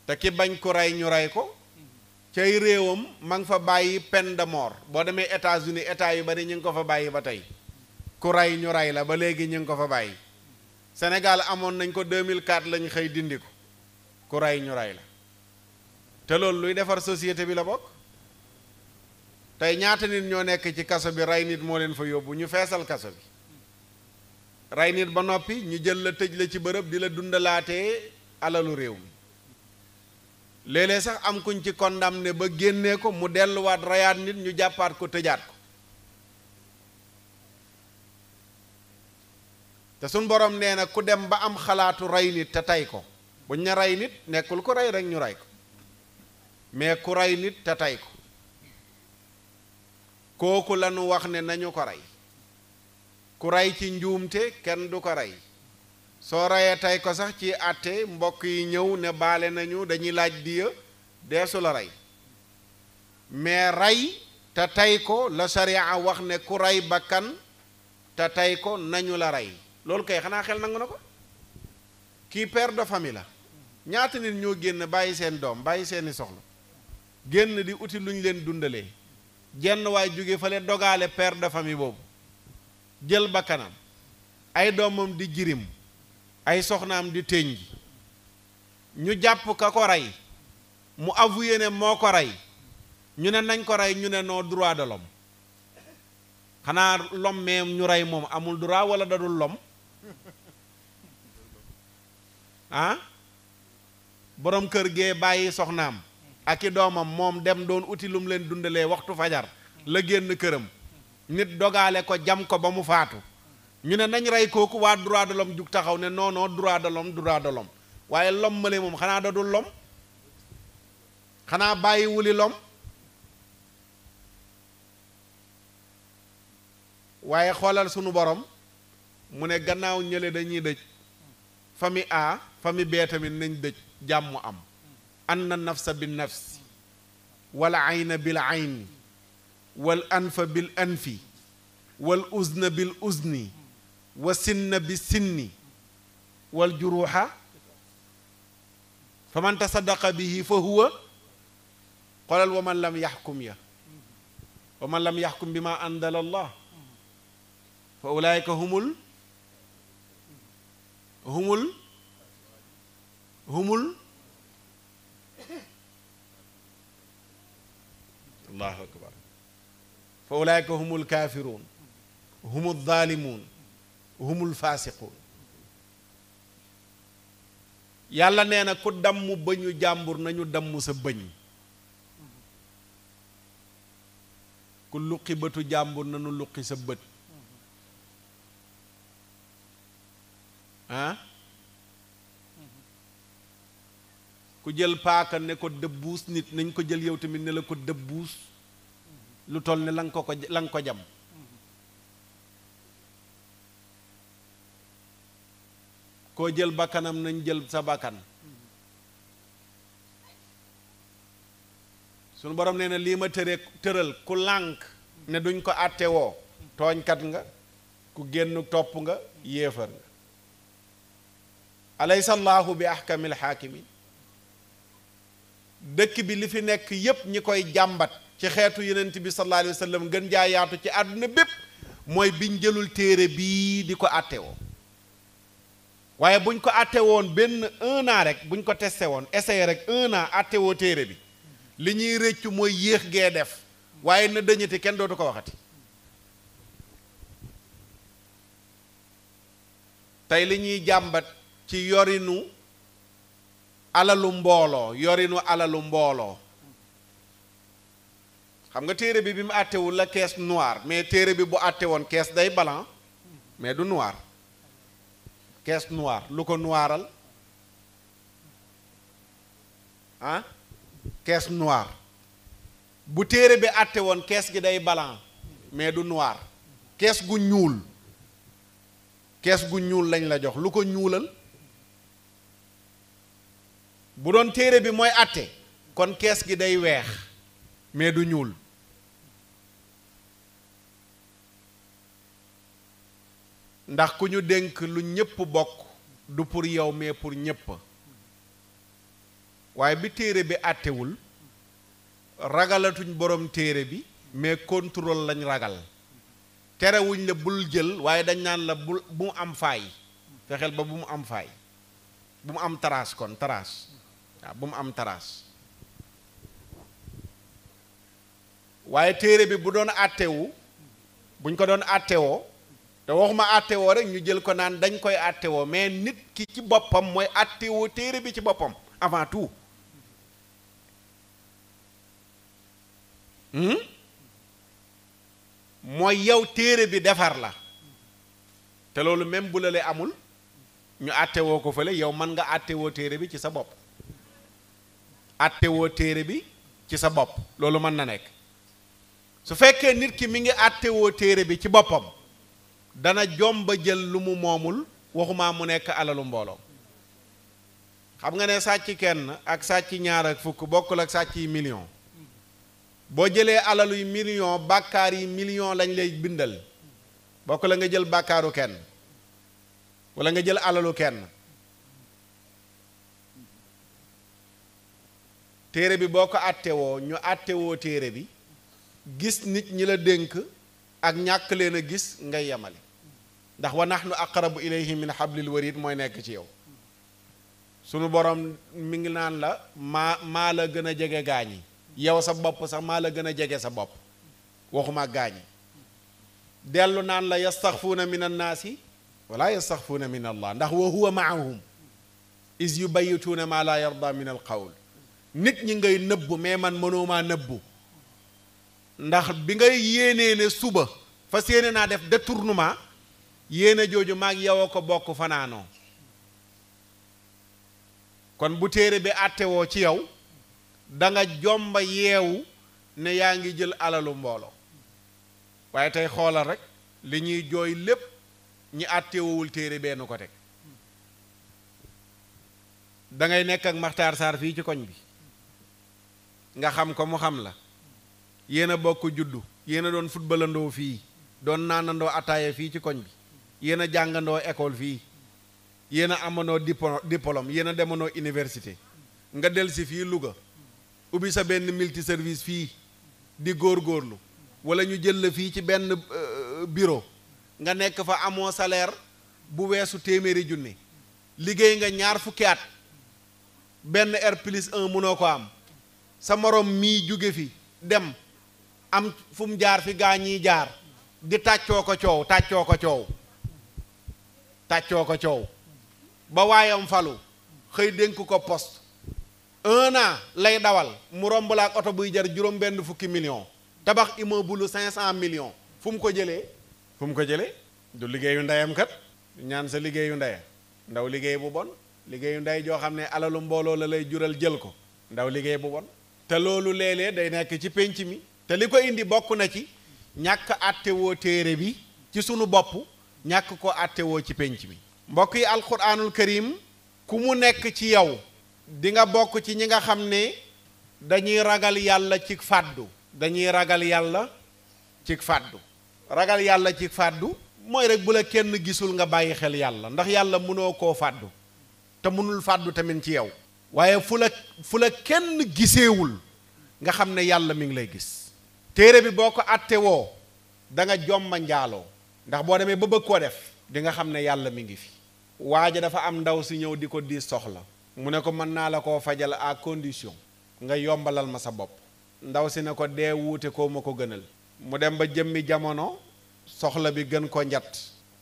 te ki bañ ko rey ñu rey ko cay réewam ma ngi fa bàyyi peine de mort boo demee États-Unis états yi bari ñu ngi ko fa bàyyi ba tey ku rey ñu rey la ba léegi ñu ngi ko fa bàyyi senegal amoon nañ ko 2004 lañ xëy dindi ko ku rey ñu rey la te loolu luy defar société bi la bokk tey ñaata nit ñoo nekk ci kaso bi rey nit moo leen fa yóbbu ñu feesal kaso bi rey nit ba noppi ñu jël la tëj la ci bërëb di la dundalaatee alalu réew mi léeg sax am ku kuñ ci ne ba génnee ko mu delluwaat reyaat nit ñu jàppaat ko tëjaat ko te suñ borom nee na ku dem ba am xalaatu rey nit te tey ko buñ ne rey nit nekkul ku rey rek ñu rey ko mais ku rey nit te tey ko kooku lanu wax ne nañu ko rey ku rey ci njuumte kenn du ko rey soo reyee tey ko sax ci àtte mbokk yi ñëw ne baale nañu dañuy laaj diya deesu la rey mais rey te tey ko la sariya wax ne ku rey bakkan te tey ko nañu la rey loolu kay xanaa xel nangu na ko kii per de famille la ñaata nit ñoo génn bàyyi seen doom bàyyi seeni soxla génn di uti lu ñu leen dundale jenn waay jóge fale dogale per de famille boobu jël bakkanam ay doomam di jirim ay soxnaam di tëñ ji ñu jàpp ko ko rey mu avoué ne moo ko rey ñu ne nañ ko rey ñu ne noo droit de l'homme xanaa lom même ñu rey moom amul droit wala dadul l'homme (laughs) ah boroom kër gee bàyyi soxnaam ak i doomam moom dem doon uti lum leen dundalee waxtu fajar la génn këram nit dogaale ko jam ko ba mu faatu ñu ne nañ rey kooku waa droit de taxaw ne noonoo non droit de l'homme droit waaye lom male moom xanaa da dul lom xanaa bàyyiwul wuli lom waaye xoolal sunu borom mu ne gannaaw ñële dañuy dëj famille A famille B tamit nañ dëj jàmm am anna nafsa bin nafs wal ayna bil ayn wal anfa bil anfi wal uzna bil uzni wa sinna bi sinni wal juruuxa fa man tasaddaqa bihi fa huwa xoolal wa man lam yaxkum ya wa man lam yaxkum bi ma anzala allah fa ulaayika humul humul humul allahu akbar fa ulaayka humul kaafiruun humul zaalimuun humul faasiquun yàlla nee na ku damm bëñu jàmbur nañu damm sa bëñ ku luqi bëtu jàmbur nañu luqi sa bët ah ku jël paaka ne ko dëbbuus nit nañ ko jël yow tamit ne la ko dëbbuus lu toll ne la nga ko ko jam koo jël bakkanam nañ jël sa bakkan sunu borom nee na lii ma tëre tëral ku lànk ne duñ ko àtte woo tooñkat nga ku génn topp nga yéefar nga alaysa allahu bi ahkamil xaakimin dëkk bi li fi nekk yépp ñi koy jàmbat ci xeetu yenent bi sallallahu alayhi wa sallam gën jaa ci àdduna bépp mooy biñ jëlul téere bii di ko àttewoo waaye buñ ko àttewoon benn un rek buñ ko testé woon essayé rek un an àttewoo téere bi li ñuy rëccu mooy yéex gee def waaye na dëñati kenn dootu ko waxati tey li ñuy jàmbat ci yorinu alalu mbooloo yorinu alalu mbooloo xam nga téere bi bi mu àttewul la kees noir mais téere bi bu àtte woon caisse day blanc mais du noir caisse noire lu ko noiral ah caisse bu téere bi àtte woon kees gi day blanc mais du noir kees gu ñuul kees gu ñuul lañ la jox lu ko ñuulal bu doon téere bi mooy àtte kon kees gi day weex mais du ñuul ndax ku ñu dénk lu ñépp bokk du pour yow mais pour ñépp waaye bi téere bi àttewul ragalatuñ borom téere bi mais contrôle lañ ragal terewuñ la bul jël waaye dañ naan la bu mu am faay fexeel ba bu mu am faay bu mu am trace kon trace waaw bu mu am taraas waaye téere bi bu doon àttewu buñ ko doon àttewoo te waxuma àttewoo rek ñu jël ko naan dañ koy àttewoo mais nit ki ci boppam mooy àttewoo téere bi ci boppam avant tout hmm? mooy yow téere bi defar la te loolu même bu la amul ñu àttewoo ko fële yow mën nga àttewoo téere bi ci sa bopp àttewoo téere bi ci sa bopp loolu mën na nekk su fekkee nit ki mu ngi àttewoo téere bi ci boppam dana jomba jël lu mu moomul waxumaa mu nekk alalu mbooloo xam nga ne sàcc kenn ak sàcc ñaar ak fukk bokkul ak sàcc yi million boo jëlee alaluy million bàkkaar yi million lañ lay bindal bokk la nga jël bàkkaaru kenn wala nga jël alalu kenn téere bi boo ko àttewoo ñu àttewoo téere bi gis nit ñi la dénk ak ñàkk leen a gis ngay yemale ndax wa nahnu aqrabu ilayhi min hablil warid mooy nekk ci yow sunu borom mi ngi naan la maa maa la gën a jege gaañi yow sa bopp sax maa la gën a jege sa bopp waxuma gaañi dellu naan la yastaxfuuna min annaasi wala yastaxfuuna min allah ndax wa huwa maahum is yubayituuna maa laa yarda min alqawl nit ñi ngay nëbbu mais man mënoomaa nëbbu ndax bi ngay yéenee ne suba fa yéene naa def détournement yéene jooju maag yow a ko bokk fanaanoo kon bu téere bi àttewoo ci yow da nga jomba yeewu ne yaa ngi jël alalu mbooloo waaye tey xoolal rek li ñuy jooy lépp ñi àttewoowul téere benn ko teg da ngay nekk ak Maxtaar Saar fii ci koñ bi nga xam ko mu xam la yéen a bokk juddu yéen a doon futbalandoo fii doon naanandoo ataaya fii ci koñ bi yéen a jàngandoo école fii yéen a amandoo diplôme yéen a demandoo université nga del fii Louga ubbi sa benn multi service fii di góor góorlu wala ñu jël la fii ci benn euh, bureau nga nekk fa amoo salaire bu weesu téeméeri junni liggéey nga ñaar fukki at benn R plus 1 mënoo ko am sa morom mii jóge fi dem am fu jaar fi gaa ñii jaar di tàccoo ko coow tàccoo ko coow tàccoo ko coow ba waayam falu xëy dénk ko post un an lay dawal mu romb la oto buy jar juróom benn fukki million tabax immeuble cinq cent million fu mu ko jëlee fu mu ko jëlee du liggéeyu ndeyam kat ñaan sa liggéeyu ndey ndaw liggéey bu bon liggéeyu ndey joo xam ne alalu mbooloo la lay jural jël ko ndaw liggéey bu bon te loolu léeg-léeg day nekk ci pénc mi te li ko indi bokk na ci ñàkk àttewoo téere bi ci sunu bopp ñàkk ko àttewoo ci pénc mi mbokk yi alquranul karim ku mu nekk ci yow di nga bokk ci ñi nga xam ne dañuy ragal yàlla ci fàddu dañuy ragal yàlla ci fàddu ragal yàlla ci fàddu mooy rek bu la kenn gisul nga bàyyi xel yàlla ndax yàlla mënoo koo fàddu te mënul fàddu tamit ci yow waaye fu la fu la kenn giseewul nga xam ne yàlla mi ngi lay gis téere bi boo ko àtte woo da nga jomma njaaloo ndax boo demee ba bëgg koo def di nga xam ne yàlla mi ngi fi waaja dafa am ndaw si ñëw di ko di soxla mu ne ko mën naa la koo fajal à condition nga yombalal ma sa bopp ndaw si ne ko dee wuute koo ma ko gënal mu dem ba jëmmi jamono soxla bi gën ko njat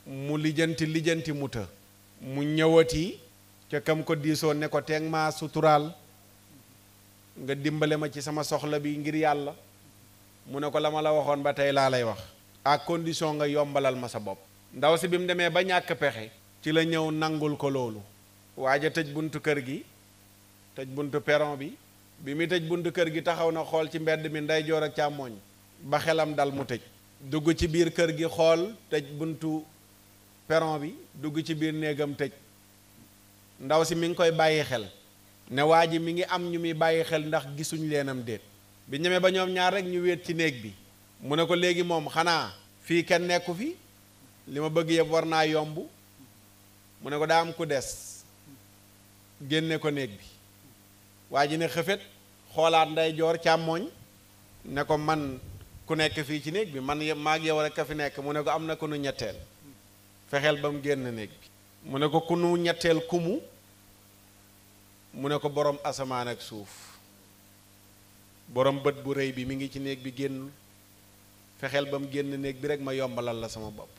mu lijjanti lijjanti mu të mu ñëwati ca kam ko diisoo ne ko teeg maa suturaal nga dimbale ma ci sama soxla bi ngir yàlla mu ne ko la ma la waxoon ba tey laa lay wax à condition nga yombalal ma sa bopp ndaw si bi mu demee ba ñàkk pexe ci la ñëw nangul ko loolu waaja tëj buntu kër gi tëj buntu peron bi bi mu tëj buntu kër gi taxaw na xool ci mbedd mi ndeyjoor ak càmmooñ ba xelam dal mu tëj dugg ci biir kër gi xool tëj buntu peron bi dugg ci biir néegam tëj ndaw si mi ngi koy bàyyi xel ne waa ji mi ngi am ñu muy bàyyi xel ndax gisuñ leenam déet bi ñemee ba ñoom ñaar rek ñu wéet ci néeg bi mu ne ko léegi moom xanaa fii kenn nekku fi li ma bëgg yëpp war naa yomb mu ne ko daa am ku des génne ko néeg bi waa ji ne xëfet xoolaat nday joor càmmooñ ko man ku nekk fii ci néeg bi man maag yow rek a fi nekk mu ne ko am na ku nu ñetteel fexeel ba mu génn néeg bi mu ne ko ku nu ñetteel kumu mu ne ko boroom asamaan ak suuf borom bët bu rëy bi mu ngi ci néeg bi génn fexeel ba mu génn néeg bi rekk ma yombalal la sama bopp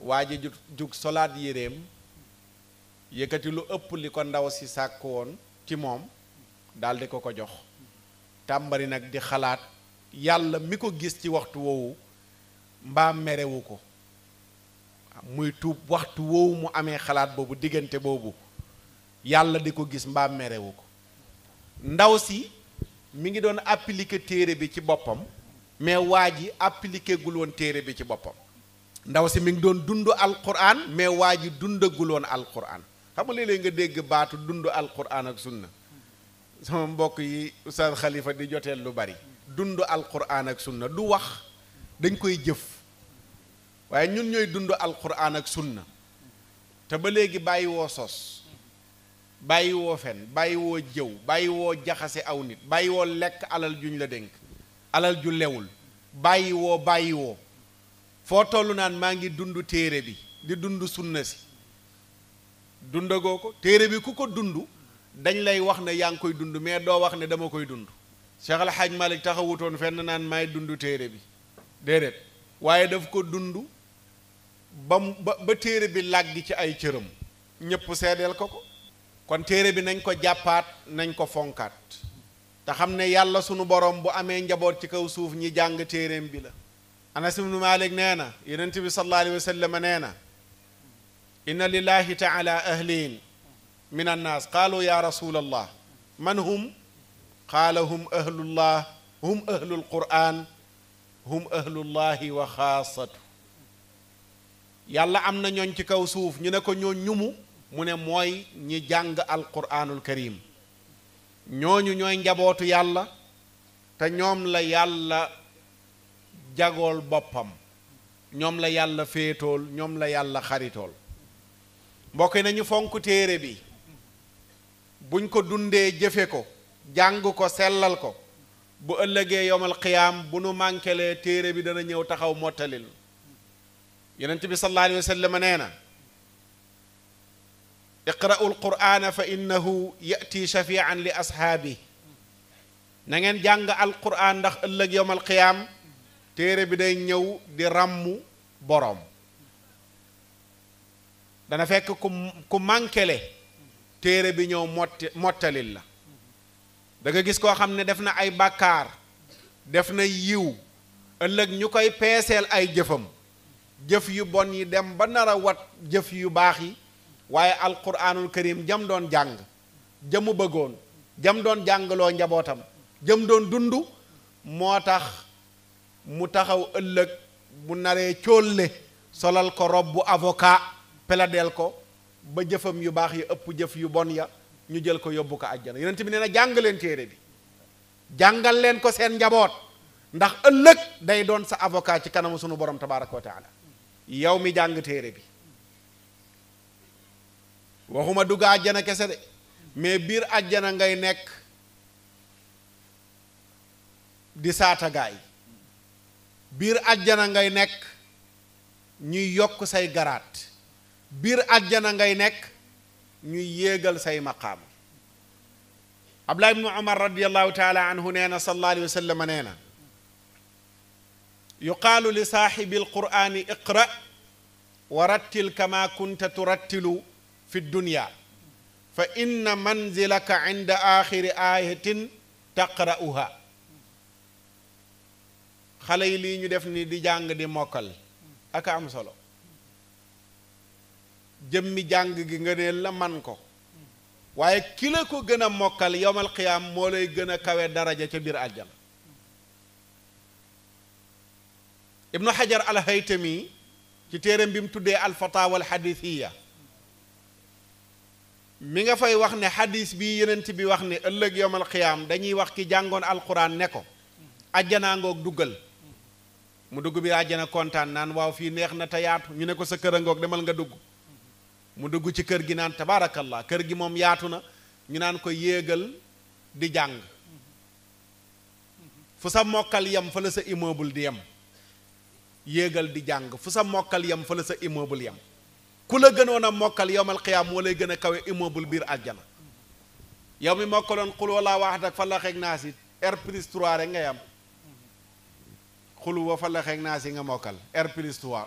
waa ji jug solaat yéreem yëkkati lu ëpp li ko ndaw si sàkk woon ci moom daldi ko ko jox tàmbari nag di xalaat yàlla mi ko gis ci waxtu woowu mbaa merewu ko muy tuub waxtu woowu mu amee xalaat boobu diggante boobu yàlla di ko gis mbaa merewu ko ndaw si mu ngi doon appliquer téere bi ci boppam mais waa ji appliquer gul téere bi ci boppam ndaw si mi ngi doon dund alquran mais waa ji dundagul woon alquran xam nga léeg nga dégg baatu dund alquran ak sunna sama mbokk yi oustaz xalifa di joteel lu bari dund alquran ak sunna du wax dañ koy jëf waaye ñun ñooy dund alquran ak sunna te ba léegi bàyyi woo sos bàyyiwoo woo fen bàyyi jëw bàyyiwoo jaxase aw nit bàyyi woo lekk alal juñ la dénk alal ju lewul bàyyiwoo bàyyiwoo foo tollu naan maa ngi dund téere bi di dund sunna si dundagoo ko téere bi ku ko dund dañ lay wax ne yaa ngi koy dund mais doo wax ne dama koy dund Cheikh Al Hadj Malick taxawutoon fenn naan maay dund téere bi déedéet waaye daf ko dund ba ba téere bi làgg ci ay cëram ñépp seedeel ko ko kon téere bi nañ ko jàppaat nañ ko fonkat te xam ne yàlla sunu borom bu amee njaboot ci kaw suuf ñi jàng téereem bi la anas ibnu malik nee na yonent bi sallallahu wa sallam nee na inna lillahi taala ahliin min annaas qaalu ya rasulallah man hum qaala hum ahlullah hum ahlul quran wa xaasatu yàlla am na ñooñ ci kaw suuf ñu ne ko ñoo ñumu mu ne mooy ñi jàng alquraanul karim ñooñu ñooy njabootu yàlla te ñoom la yàlla jagool boppam ñoom la yàlla féetool ñoom la yàlla xaritool mbokk nañu fonk téere bi buñ ko dundee jëfe ko jàng ko sellal ko bu ëllëgee yowmal qiyaam bu nu mànkelee téere bi dana ñëw taxaw mottalil yonent bi sallallahu alayhi wa sallam nee na iqra'u alqur'ana fa innahu yati shafian li ashaabi na jàng alqur'an ndax ëllëg yowm alqiyaam téere bi day ñëw di ràmmu boroom dana fekk ku ku mànkele téere bi ñëw motti mottalil la danga gis koo xam ne def na ay bàkkaar def na yiw ëllëg ñu koy peeseel ay jëfam jëf yu bon yi dem ba nar wat jëf yu baax yi waaye alquranul karim jam doon jàng jamu bëggoon jam doon jàngaloo njabootam jëm doon dund moo tax mu taxaw ëllëg mu naree cóolle solal ko rob bu avocat peladeel ko ba jëfam yu baax yi ëpp jëf yu bon ya ñu jël ko yóbbu ko àjjana yonent bi nee na jàng leen téere bi jàngal leen ko seen njaboot ndax ëllëg day doon sa avocat ci kanamu sunu borom tabaaraka wa taala yow mi jàng téere bi waxuma dugg àjjana kese de mais biir àjjana ngay nekk di saata gaay biir àjjana ngay nekk ñuy yokk say garaat biir àjjana ngay nekk ñuy yéegal say maqaam abdullah ibnu umar radiallahu taala anhu nee na sallallahu alayhi wa li saaxibi alqur'ani iqra wa rattil kama kunta turattilu fi dunya fa inna manzilaka inda axiri ayatin taqra'uha xale yi lii ñu def ni di jàng di mokkal ak am solo jëmmi jàng gi nga ne la man ko waaye ki la ko gën a mokkal yowmal qiyaam moo lay gën a kawe daraja ca biir àjjana ibnu xajar al haytami ci téeram bi mu tuddee alfataawa alxadithiya mi nga fay wax ne xadis bi yenent bi wax ne ëllëg yowmal xiyaam dañuy wax ki jàngoon alquran ne ko ajjanaa ngoog duggal mu dugg biir àjjana kontaan naan waaw fii neex na te yaatu ñu ne ko sa kër a ngoog demal nga dugg mu dugg ci kër gi naan tabaarakallah kër gi moom yaatu na ñu naan ko yéegal di jàng fu sa mokkal yem fa la sa immeuble di yem yéegal di jàng fu sa mokkal yam fa la sa immeuble yem ku la gënoon a mokkal yowmal xiyaam moo lay gën a kawe immeuble biir aljana yow mi mokkaloon xul walaa waxat ak fa naa si R plus 3 rek ngay am xul wa fa naa si nga mokkal R plus 3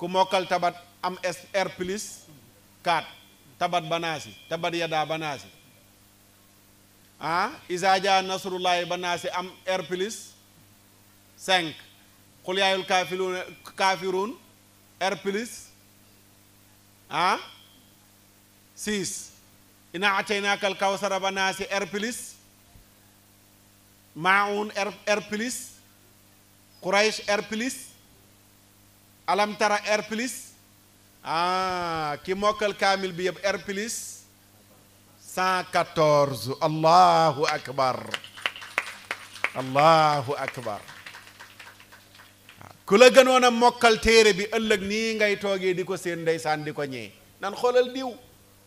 ku mokkal tabat am S plus 4 tabat ba si tabat yadaa ba si ah izaa jaa nasrullaahi si am R plus 5 xul yaayul kaafiruun kaafiruun R plus ah 6 ina ataynaaka al kawsara ba naa si R plus maun R R plus Quraysh R plus alam tara R plus ah ki mokkal kaamil bi yëpp R plus 114 allahu akbar allahu akbar ku la gënoon a mokkal téere bi ëllëg nii ngay toogee di ko seen ndeysaan di ko ñee naan xoolal diw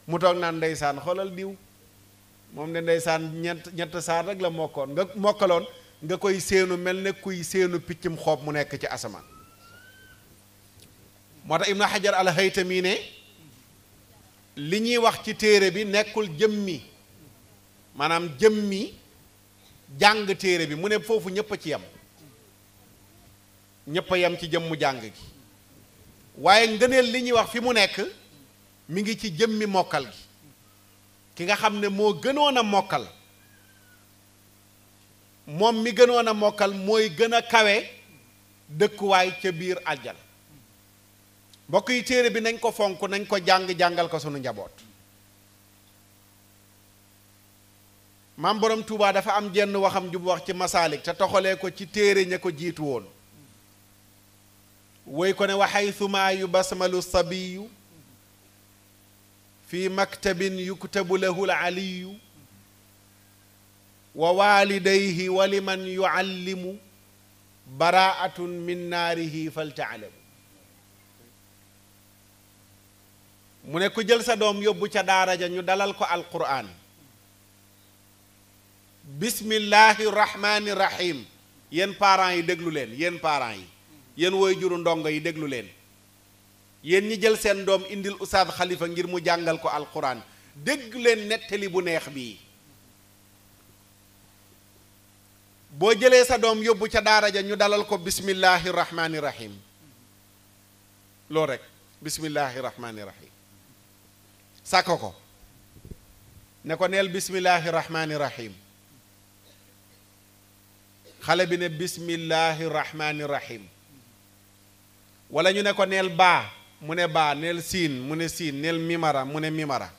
mu toog naan ndeysaan xoolal diw moom ne ndeysaan ñett ñett saar rek la mokkoon nga mokkaloon nga koy séenu mel ne kuy séenu piccum xoob mu nekk ci asamaan moo tax Ibnu Hajar al Haytami ne li ñuy wax ci téere bi nekkul jëmmi maanaam jëmmi jàng téere bi mu ne foofu ñépp a ci yam ñëpp yam ci jëmmu jàng gi waaye ngëneel li ñuy wax fi mu nekk mi ngi ci jëmmi mokkal gi ki nga xam ne moo gënoon a mokkal moom mi gënoon a mokkal mooy gën a kawe dëkkuwaay ca biir àjjal mbokk yi téere bi nañ ko fonk nañ ko jàng jàngal ko sunu njaboot maam borom Touba dafa am jenn waxam ju bu wax ci masaalik te toxalee ko ci téere ña ko jiitu woon woy ko ne wa xaytuma yubasmalu sabiyu fi maktabin yuktabu lahu laliyu wa walidayhi wa liman yuallimu baraatun min naarihi faltaalamu mu ne ku jël sa doom yóbbu ca daara ja ñu dalal ko alquraan bismillahi rahmani rahim yéen parents yi déglu leen yéen parents yi yéen woy juru ndongo yi déglu leen yéen ñi jël seen doom indil Oustaz xalifa ngir mu jàngal ko alquran dégg leen nettali bu neex bii boo jëlee sa doom yóbbu ca daara ja ñu dalal ko bismillahi rahmaani rahim loolu rek bismillahi rahmaani rahim sàkko ko ne ko neel bismillahi rahmaani rahim xale bi ne bismillahi rahmaani rahim wala ñu ne ko neel baa mu ne baa neel siin mu ne siin neel mimara mu ne mimara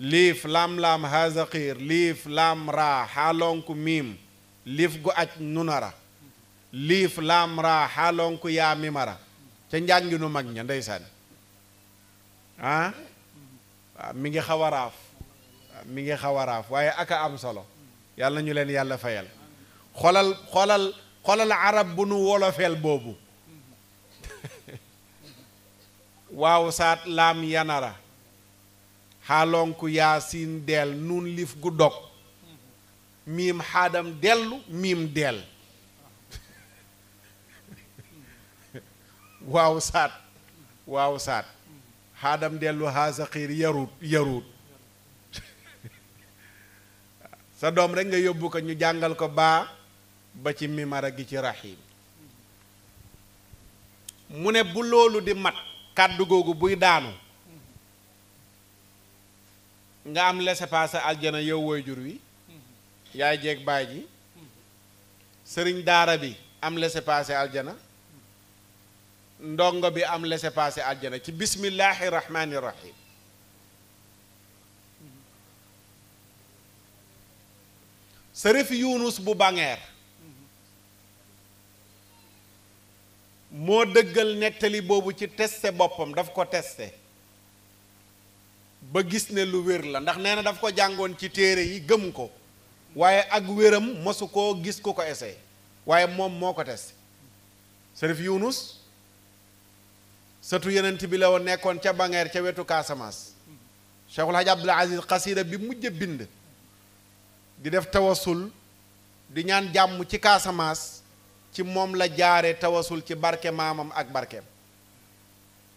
liif laam-laam haza liif laam raa xaalonku miim liif gu aj nunara liif laam raa xaalonku yaa mimara ca njànginu mag ña ndeysaan ah mi ngi xaw mi ngi xaw a ah, waaye aka am solo yàlla ñu leen yàlla fayal xoolal xoolal xoolal arab bu nu wolofeel boobu waaw saat laam yanara xaalonku yaasin deel nun lif gu dog miim xaadam dellu miim deel (laughs) waaw saat waaw saat xaadam dellu xaasaxiir yarut yarut (laughs) sa doom rekk nga yóbbu ko ñu jàngal ko baa ba ci mimara gi ci raxiim mu ne bu loolu di mat kàddu googu buy daanu nga am laissez-passer aljana yow waajur wi yaay jeeg baay ji sëriñ daara bi am laissez aljana ndongo bi am laissez-passer aljana ci bismillaahi rahmaani rahim sërif Yunus bu Bangeer moo dëggal nettali boobu ci teste boppam daf ko teste ba gis ne lu wér la ndax nee na daf ko jàngoon ci téere yi gëm ko waaye ak wéram mosu koo gis ku ko essayé waaye moom moo ko teste sërif Yunus sëtu yenent bi la nekkoon ca Bangeer ca wetu Casamance Cheikhul Hadj Abdoul Aziz xasida bi mujj bind di def tawasul di ñaan jàmm ci Casamance ci moom la jaare tawasul ci barke maamam ak barkeem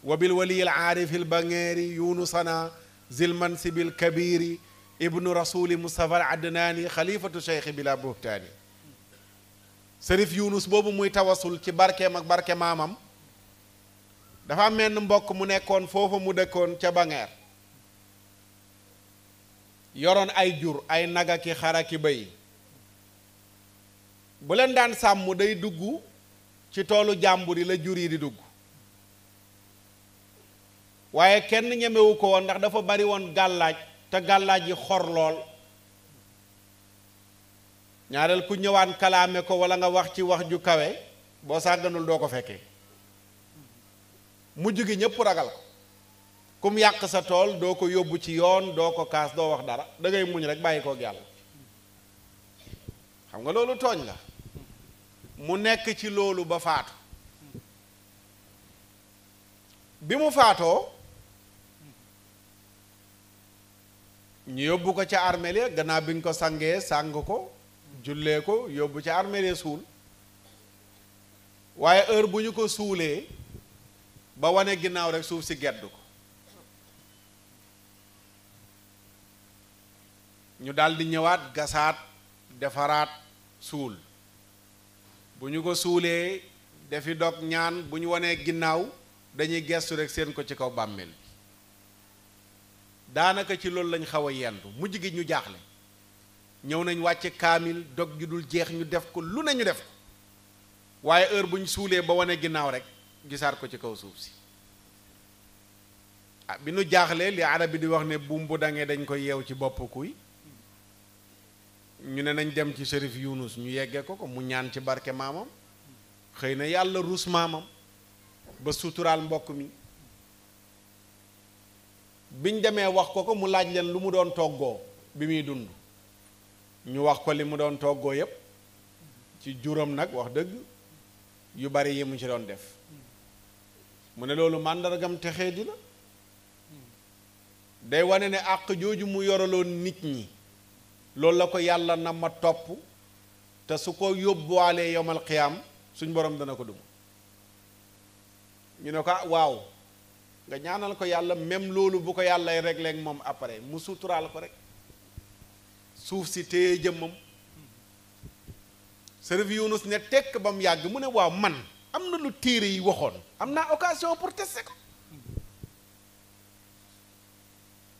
wa bil waliyil aarifil bangeeri yunusana zilmansibil kabiri ibnu rasuli mustafa adnaani xalifatu cheikh bila buhtaani sërif yunus boobu muy tawasul ci barkeem ak barke maamam dafa am menn mbokk mu nekkoon foofa mu dëkkoon ca bangeer yoroon ay jur ay nagaki xaraki bëy bu leen daan sàmm day dugg ci toolu jàmbur yi la jur yi di dugg waaye kenn ñemewu ko woon ndax dafa bari woon gàllaaj te gàllaaj yi xor lool ñaareel ku ñëwaan kalaame ko walla nga wax ci wax ju kawe boo sàgganul doo ko fekkee mujj gi ñépp ragal ko kum yàq sa tool doo ko yóbbu ci yoon doo ko kaas doo wax dara da muñ rekk bàyyi koo yàlla xam nga loolu tooñ la mu nekk ci loolu ba faatu bi mu faatoo ñu yóbbu ko ca armeel ya gannaaw bi ñu ko sangee sàng ko jullee ko yóbbu ca armeel ya suul waaye heure bu ñu ko suulee ba wane ginnaaw rek suuf si gedd ko ñu daldi ñëwaat gasaat defaraat suul bu ñu ko suulee defi dog ñaan bu ñu wanee ginnaaw dañuy gestu rek seen ko ci kaw bàmmeel bi daanaka ci loolu lañ xaw a yendu mujj gi ñu jaaxle ñëw nañ wàcce kaamil dog ju dul jeex ñu def ko lu ne ñu def ko waaye heure bu ñu suulee ba wane ginnaaw rek gisaat ko ci kaw suuf si ah bi nu jaaxlee li arab bi di wax ne buum bu dangee dañ ko yeew ci bopp kuy ñu ne nañ dem ci shérif Yunus ñu yeggee ko ko mu ñaan ci barke maamam xëy na yàlla ruus maamam ba suturaal mbokk mi biñ demee wax ko ko mu laaj leen lu mu doon toggoo bi muy dund ñu wax ko li mu doon toggoo yépp ci juróom nag wax dëgg yu bari yi mu ci doon def mu ne loolu màndargam texee di la day wane ne àq jooju mu yoraloon nit ñi loolu la ko yàlla na ma topp te su ko yóbbuwaalee yomal xiyaam suñ borom dana ko dugg ñu ne ko ah waaw nga ñaanal ko yàlla même loolu bu ko yàllay réglé ak moom après mu suturaal ko rek suuf si téye jëmmam sëriñ Yunus ne tekk ba mu yàgg mu ne waaw man am na lu téere yi waxoon am naa occasion pour tester ko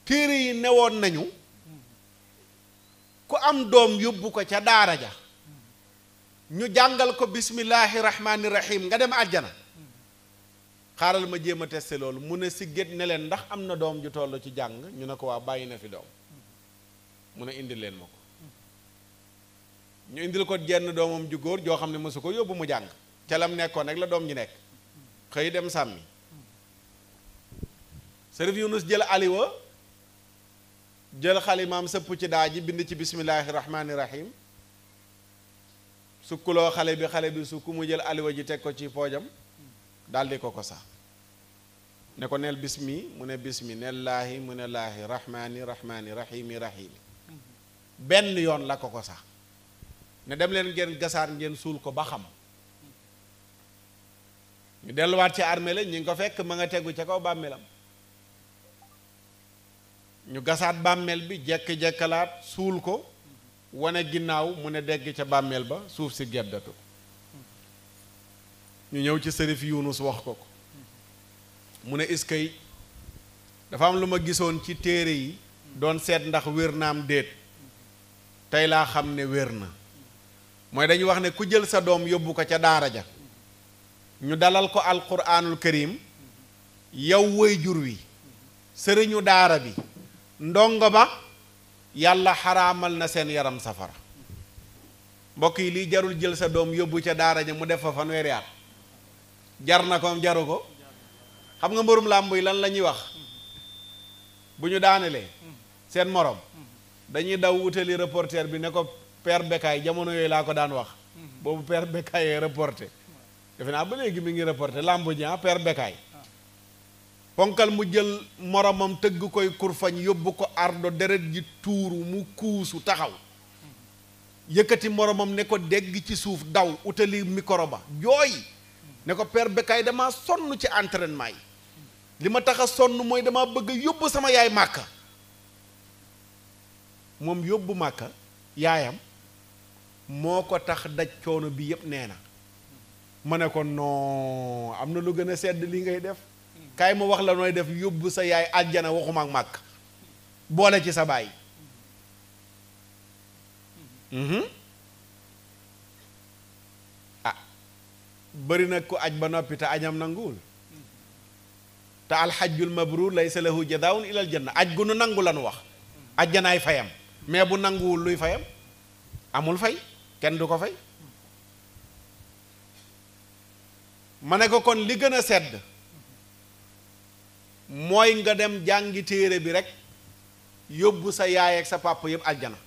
téere yi newoon nañu ku am doom yóbbu ko ca daara ja ñu jàngal ko bismillaahi rahmaani rahiim nga dem àjjana xaaral ma jéem a testé loolu mu ne si gét ne leen ndax am na doom ju toll ci jàng ñu ne ko waa bàyyi na fi doom mu ne indi leen ma ko ñu indil ko jenn doomam ju góor joo xam ne mësu ko yóbbu mu jàng ca lam nekkoon rek la doom ji nekk xëy dem sàmmi sërif Yunus jël aliwa jël xalimaam sëpp ci daa ji bind ci bismillaahi rahmaani rahim sukkuloo xale bi xale bi sukk mu jël aliwa ji teg ko ci poojam daldi ko ko sax ne ko neel bismi mu ne bismi neel laahi mu ne laahi rahmaani rahmaani rahimi rahimi benn yoon la ko ko sax ne dem leen ngeen gasaar ngeen suul ko ba xam ñu delluwaat ci armée la ñi ngi ko fekk ma nga tegu ca kaw bàmmeelam ñu gasaat bàmmeel bi jekk-jekkalaat suul ko wane ginnaaw mu ne degg ca bàmmeel ba suuf si geddatu ñu ñëw ci sërif Yunus wax ko ko mu ne iskay dafa am lu ma gisoon ci téere yi doon seet ndax wér naam déet tey laa xam ne wér na mooy dañuy wax ne ku jël sa doom yóbbu ko ca daara ja ñu dalal ko alquranul karim yow woy jur wi sëriñu daara bi ndongo ba yàlla xaraamal na seen yaram safara mbokk yi lii jarul jël sa doom yóbbu ca daara ja mu def fa fanweeri at jar na ko jaru ko xam nga mbërum làmb yi lan la ñuy wax bu ñu daanelee seen morom dañuy daw wutali reporter bi ne ko per Bekaay jamono yooyu laa ko daan wax boobu père Bekaay reporté defe naa ba léegi mi ngi reporté làmbu ji ah, père Bekaay ponkal mu jël moromam tëgg koy kurfañ yóbbu ko ardo deret ji tuuru mu kuusu taxaw yëkkati moromam ne ko dégg ci suuf daw utali micro ba jooy ne ko père Bécaye damaa sonn ci entraînement yi li ma tax a sonn mooy dama bëgg yóbbu sama yaay màkka moom yóbbu màkka yaayam moo ko tax daj coono bi yépp nee na ma ne ko non am na lu gën a sedd li ngay def kaay ma wax la nooy def yóbbu sa yaay àjjana waxuma ak màkk boole ci sa baay mhm. ah bëri na ko aj ba noppi te ajam nanguwul te alxajjul mabruur laysa lahu jadaawun ilal janna aj gu nu nangu lanu wax ajjanaay fayam mais bu nanguwul luy fayam amul fay kenn du ko fay ma ne ko kon li gën a sedd mooy nga dem jàngi téere bi rek yóbbu sa yaay ak sa pàpp yëpp aljana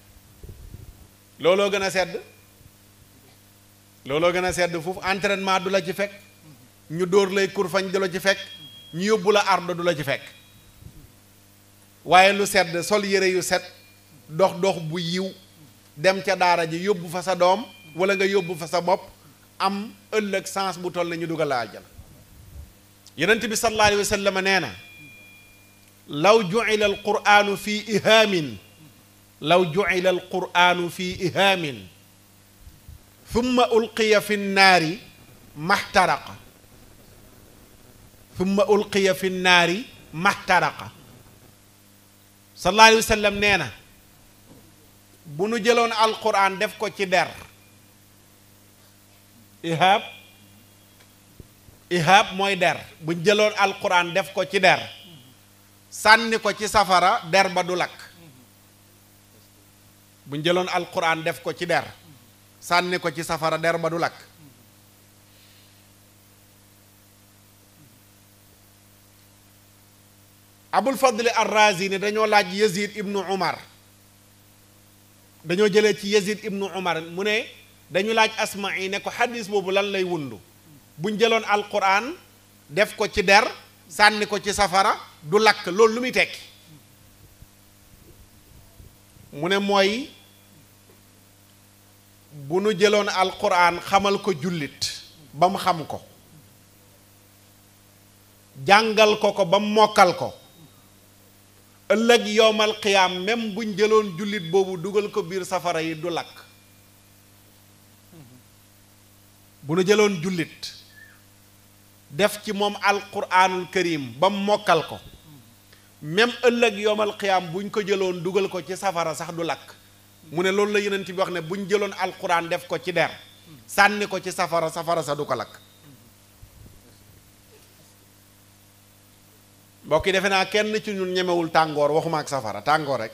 looloo gën a sedd looloo gën a sedd foofu entraînement du la ci fekk ñu dóor lay kurfañ du la ci fekk ñu yóbbu la ardo du la ci fekk waaye lu sedd sol yére yu set dox dox bu yiw dem ca daara ji yóbbu fa sa doom wala nga yóbbu fa sa bopp am ëllëg sens bu toll na ñu dugal la aljana yonent bi sallallahu alayhi wa nee na law jucila alqur'aanu fi ihaamin law jucila alqur'aanu fi ihaamin thumma ulqiya fi nnaari maxtaraqa thumma ulqiya fi nnaari maxtaraqa sallallahu alayhi wa sallam nee na bu nu jëloon alqur'aan def ko ci der ihaab ihaab mooy der buñ jëloon alqur'aan def ko ci der sànni ko ci safara der ba du lakk buñ jëloon alquran def ko ci der sànni ko ci safara der ba lakk abul fadli arrazi ne dañoo laaj yazid ibnu umar dañoo jëlee ci yazid ibnu umar mu ne dañu laaj asma yi ne ko xadis boobu lan lay wundu buñ jëloon alquran def ko ci der sànni ko ci safara du lakk loolu lu muy tekki mu ne mooy bu nu jëloon alxuraan xamal ko jullit ba mu xam ko jàngal ko ko ba mu mokkal ko ëllëg yowmal qiyaam même buñ jëloon jullit boobu dugal ko biir safara yi du lakk bu nu jëloon jullit def ci moom alquranul karim ba mokkal ko même ëllëg yomal xiyaam buñ ko jëloon dugal ko ci safara sax du lakk mu ne loolu la yenent bi wax ne bu ñu jëloon alquran def ko ci der sànni ko ci safara safara sax du ko lakk mbokki defe naa kenn ci ñun ñemewul tàngoor waxumaak safara tàngoor rek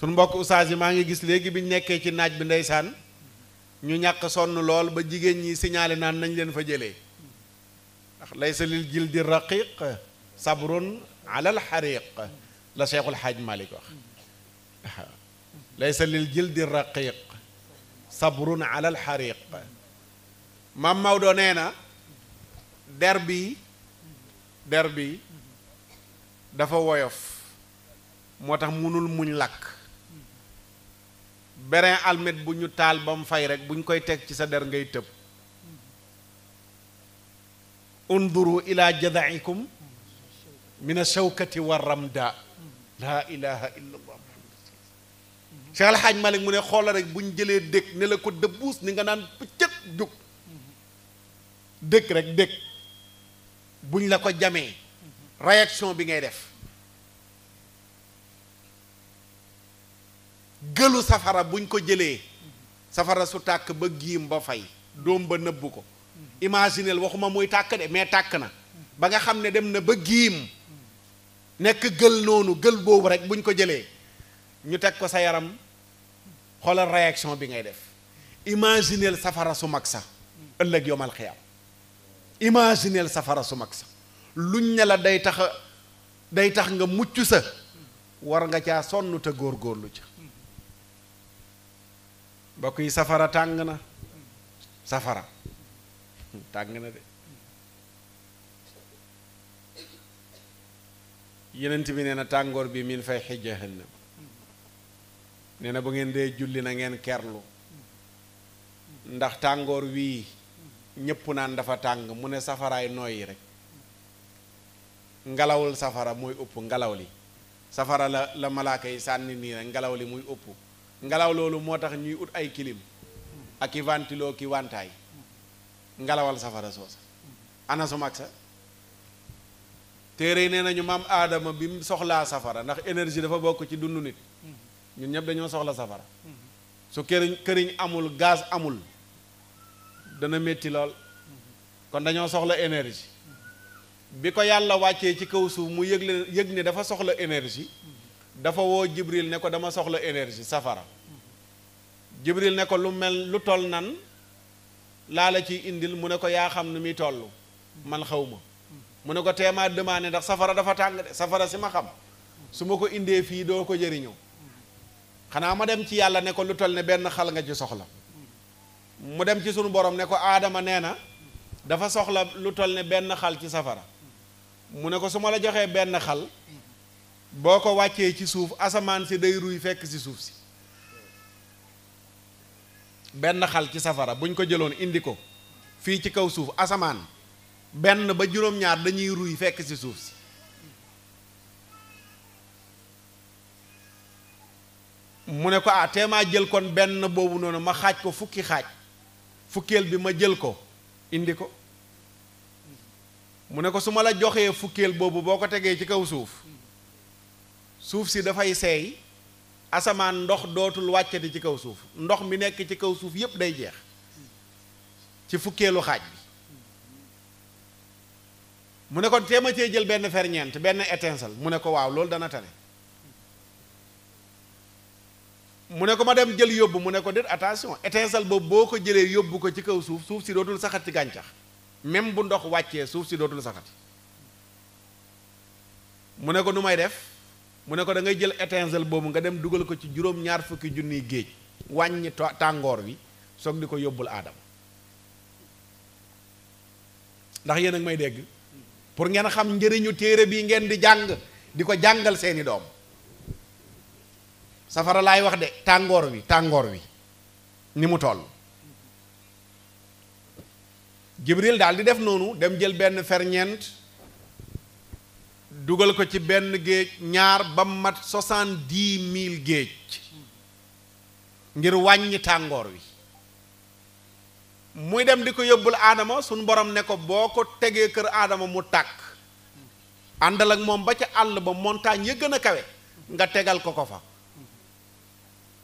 suñ mbokk ustaas maa ngi gis léegi biñ nekkee ci naaj bi ndeysaan ñu ñàkk sonn lool ba jigéen ñi signalé naan nañ leen fa jëlee ndax laysa lil jildi raqiq sabrun ala alxariq la cheikhul xaaj malik wax laysa lil jildi raqiq sabrun ala alxariq maam Maodo nee na der bi der bi dafa woyof moo tax mënul muñ lakk beren almet bu ñu taal ba mu fay rek bu ñu koy teg ci sa der ngay tëb unduru ila jadaikum min ashawkati wa ramda laa ilaha illa allah Cheikh Al mu ne xoola rek bu ñu jëlee dëkk ne la ko dëbbuus ni nga naan pëccët jóg dëkk rek dëkk buñ la ko jamee réaction bi ngay def gëlu safara buñ ko jëlee safara su tàkk ba giim ba fay doom ba nëbbu ko imaginel waxuma muy tàkk de mais tàkk na ba nga xam ne dem na ba giim nekk gël noonu gël boobu rek buñ ko jëlee ñu teg ko sa yaram xoolal réaction bi ngay def imagineel safara su mag sa ëllëg yomal xiyam imaginel safara su mag sa luñ ne la day tax day tax nga mucc sa war nga caa sonn te góorlu ca mbokk yi safara tàng na safara tàng na de yenent bi nee na tàngoor bii min fay xij jahannam nee na bu ngeen dee julli na ngeen kerlu ndax tàngoor wii ñépp naan dafa tàng mu ne safaraay nooyi rek ngelawul safara mooy ëpp ngelaw li safara la la malaaka yi sànni nii ngelaw li muy ëpp ngelaw loolu moo tax ñuy ut ay kilim ak i ventilo ki wantaay ngelawal safara soosa ana su mag téere yi nee nañu maam aadama bi mu soxlaa safara ndax énergie dafa bokk ci dund nit ñun ñëpp dañoo soxla safara su këriñ këriñ amul gaz amul dana métti lool kon dañoo soxla énergie bi ko yàlla wàccee ci kaw suuf mu yëgle yëg ne dafa soxla énergie dafa woo Jibril ne ko dama soxla énergie safara Jibril ne ko lu mel lu toll nan laa la ciy indil mu ne ko yaa xam nu muy toll man xaw ma mu ne ko teemaa demandé ndax safara dafa tàng de safara si ma xam su ma ko indee fii doo ko jëriñoo xanaa ma dem ci yàlla ne ko lu toll ne benn xal nga ci soxla mu dem ci sunu borom ne ko aadama nee na dafa soxla lu toll ne benn xal ci safara mu ne ko su ma la joxee benn xal boo ko wàccee ci suuf asamaan si day ruy fekk si suuf si benn xal ci safara buñ ko jëloon indi ko fii ci kaw suuf asamaan benn ba juróom-ñaar dañuy ruy fekk ci suuf si mu ne ko ah teemaa jël kon benn boobu noonu ma xaaj ko fukki xaaj fukkeel bi ma jël ko indi ko mu ne ko su ma la joxee fukkeel boobu boo ko tegee ci kaw suuf suuf si dafay seey asamaan ndox dootul wàccati ci kaw suuf ndox mi nekk ci kaw suuf yépp day jeex ci fukkeelu xaaj bi mu ne kon téema cee jël benn ferñeent benn étincelle mu ne ko waaw loolu dana tane mu ne ko ma dem jël yóbbu mu ne ko déet attention étincelle boobu boo ko jëlee yóbbu ko ci kaw suuf suuf si dootul saxat ci gàncax même bu ndox wàccee suuf si dootul saxati mu ne ko nu may def mu ne ko da ngay jël étincelle boobu nga dem dugal ko ci juróom ñaar fukki junniy géej wàññi tàngoor wi soog di ko yóbbul aadama ndax yéen ak may dégg pour ngeen xam njëriñu téere bi ngeen di jàng di ko jàngal seeni doom safara laay wax de tàngoor wi tàngoor wi ni mu toll Jibril daal di def noonu dem jël benn ferñeent dugal ko ci benn géej ñaar ba mat soixante-dix mille géej ngir wàññi tàngoor wi muy dem di ko yóbbul aadama suñ borom ne ko boo ko tegee kër aadama mu tàkk àndal ak moom ba ca àll ba montagne ya gën a kawe nga tegal ko ko fa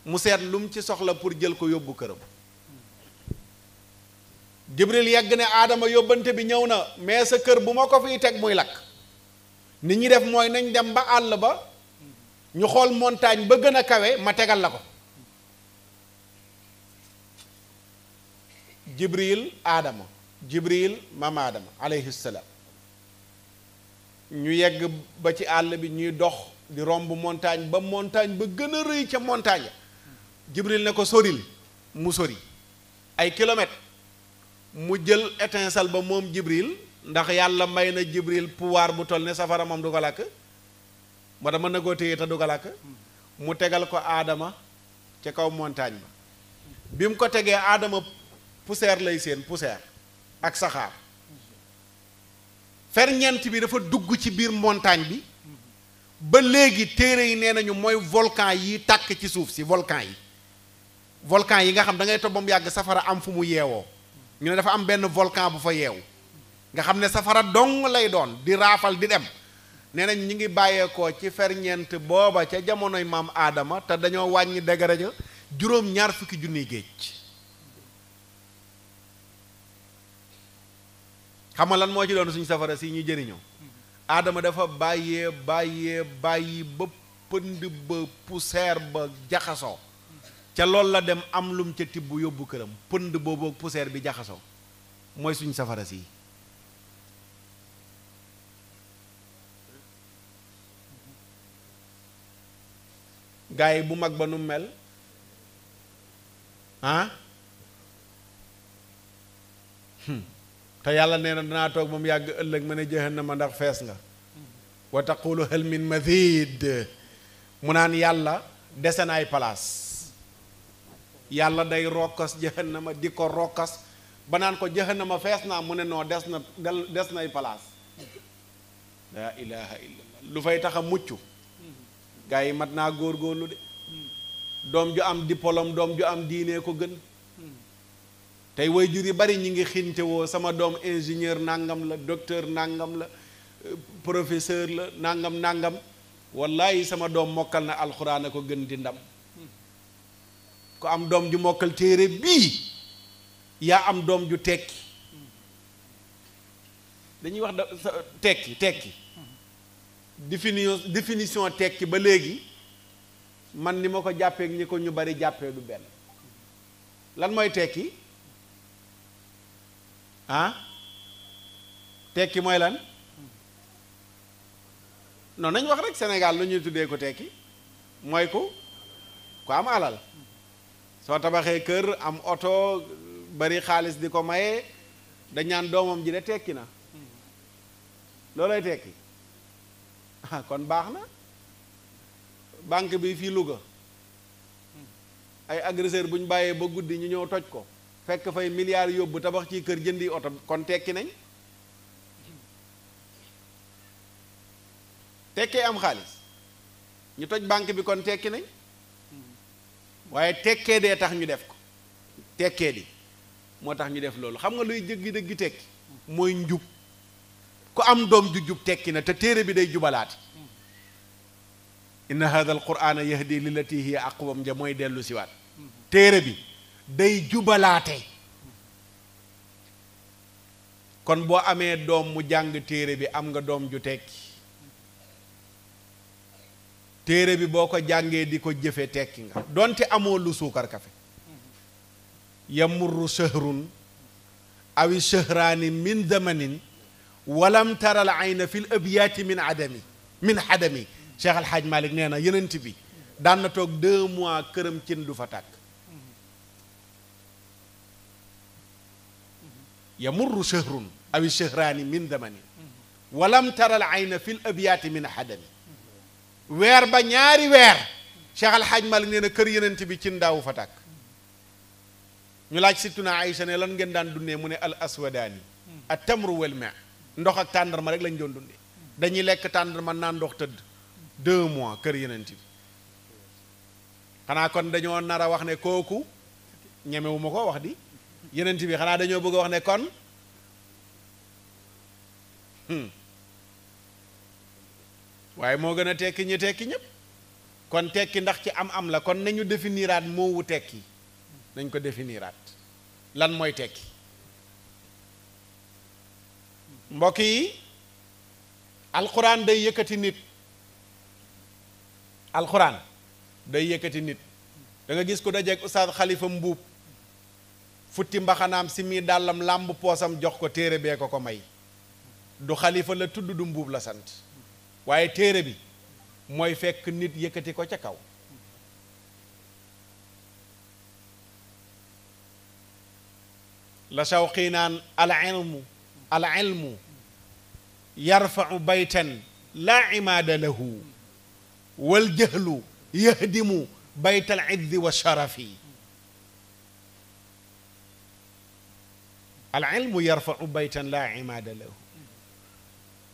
mu seet lum ci soxla pour jël ko yóbbu këram Jibril yegg ne aadama yóbbante bi ñëw na mais sa kër bu ma ko fiy teg muy lakk ni ñuy def mooy nañ dem ba àll ba ñu xool montagne ba gën a kawe ma tegal la ko jibril aadama jibriil mamaadama aadama ñu yegg ba ci àll bi ñuy dox di romb montagne ba montagne ba gën a rëy ca montagne jibril ne ko soril mu sori ay kilomètres mu jël étincelle ba moom jibril ndax yàlla may na jibril pouvoir bu toll ne safara moom du ko làkk moo mën na koo téye te du ko mu tegal ko aadama ci kaw montagne bi mu ko tegee aadama poussière lay seen poussière ak saxaar ferñeent bi dafa dugg ci biir montagne bi ba léegi téere yi nee nañu mooy volcan yi tàkk ci suuf si volcan yi volcan yi nga xam da ngay toog ba mu yàgg safara am fu mu yeewoo ñu ne dafa am benn volkan bu fa yeewu nga xam ne safara dong lay doon di raafal di dem nee nañ ñi ngi bàyyeekoo ci ferñeent booba ca jamonoy maam aadama te dañoo wàññi degré ja juróom ñaar fukki junniy géej xam lan moo ci doon suñu safara si ñu jëriñoo aadama dafa bàyyee bàyyee bàyyi ba pënd ba poussière ba jaxasoo ca loolu la dem am lum ca tibb yóbbu këram pënd boobu poussière bi jaxasoo mooy suñ safara si gaa yi bu mag ba nu mel ah hmm. te yàlla nee na danaa toog moom yàgg ëllëg ma ne jahannama ndax fees nga wa taqulu hal min mu naan yàlla dese naay palaas yàlla day rokkas jahannama di ko rokkas ba naan ko jahannama fees naa mu ne noo des na des nay palaas laa ilaha illallah lu fay tax mucc gars yi mat naa góorgóorlu de doom ju am diplôme doom ju am diine ko gën tey waajur yi bari ñi ngi xinte woo sama doom ingénieur nangam la docteur nangam la professeur la nangam nangam wallahi sama doom mokkal na alxuraan a ko gën di ndam ku am doom ju mokkal téere bii yaa am doom ju tekki dañuy wax da tekki tekki définition définition tekki ba léegi man ni ma ko jàppeek ñi ko ñu bari jàppee du benn lan mooy tekki ah tekki mooy lan non nañ wax rek senegal lu tuddee ko tekki mooy ko ku am alal soo tabaxee kër am oto bari xaalis di ko maye dañ naan doomam ji de tekki na loolay tekki ah kon baax na banque bi fii Louga ay agresseur buñ bàyyee ba guddi ñu ñëw toj ko fekk fay milliards yóbbu tabax ci kër jëndi oto kon tekki nañ tekkee am xaalis ñu toj banque bi kon tekki nañ waaye tekkee dee tax ñu def ko tekkee di moo tax ñu def loolu xam nga luy jëggi dëggi tekki mooy njub ku am doom ju jub tekki na te téere bi day jubalaati inna hada al qurana yahdi lillati ak aqwam ja mooy dellu siwaat téere bi day jubalaate kon boo amee doom mu jàng téere bi am nga doom ju tekki téere bi boo ko jàngee di ko jëfe tekki nga donte amoo lu suukar kafe yamurru shahrun awi shahraani min zamanin walam tara al ayna fi l min adami min xadami cheikh alhaaj malik nee na yenent bi daan na toog deux mois këram cin du fa tàkk yamurru shahrun aw shahraani min damani walam tara al ayna fi l abyaati min xadami weer ba ñaari weer cheikh alhaaj malik nee na kër yenent bi cin daawu fa tàkk ñu laaj sittuna aïcha ne lan ngeen daan dundee mu ne al aswadaani at tamru wal ma ndox ak tàndarma rek lañ doon dunde dañuy lekk tàndarma naa ndox tëdd deux mois kër yenent bi xanaa kon dañoo nar a wax ne kooku ñemewuma ko wax di yenent bi xanaa dañoo bëgg a wax ne kon hmm. waaye moo gën a tekki ñi tekki ñépp kon tekki ndax ci am am la kon nañu définiraat moowu tekki nañ ko definiiraat lan mooy tekki mbokk yi alxuraan day yëkkati nit alxuraan day yëkkati nit danga gis ko dajeeg ustaas xalifa mbuub futti mbaxanaam si mii dàllam làmb poosam jox ko téere bee ko ko may du xalifa la tudd du mbuub la sant waaye téere bi mooy fekk nit yëkkati ko ca kaw la Shawqi naan al ilmu al ilmu yarfau baytan laa imaada lahu wal jahlu yahdimu baytal izzi wa sharafi al ilmu yarfau baytan laa imaada lahu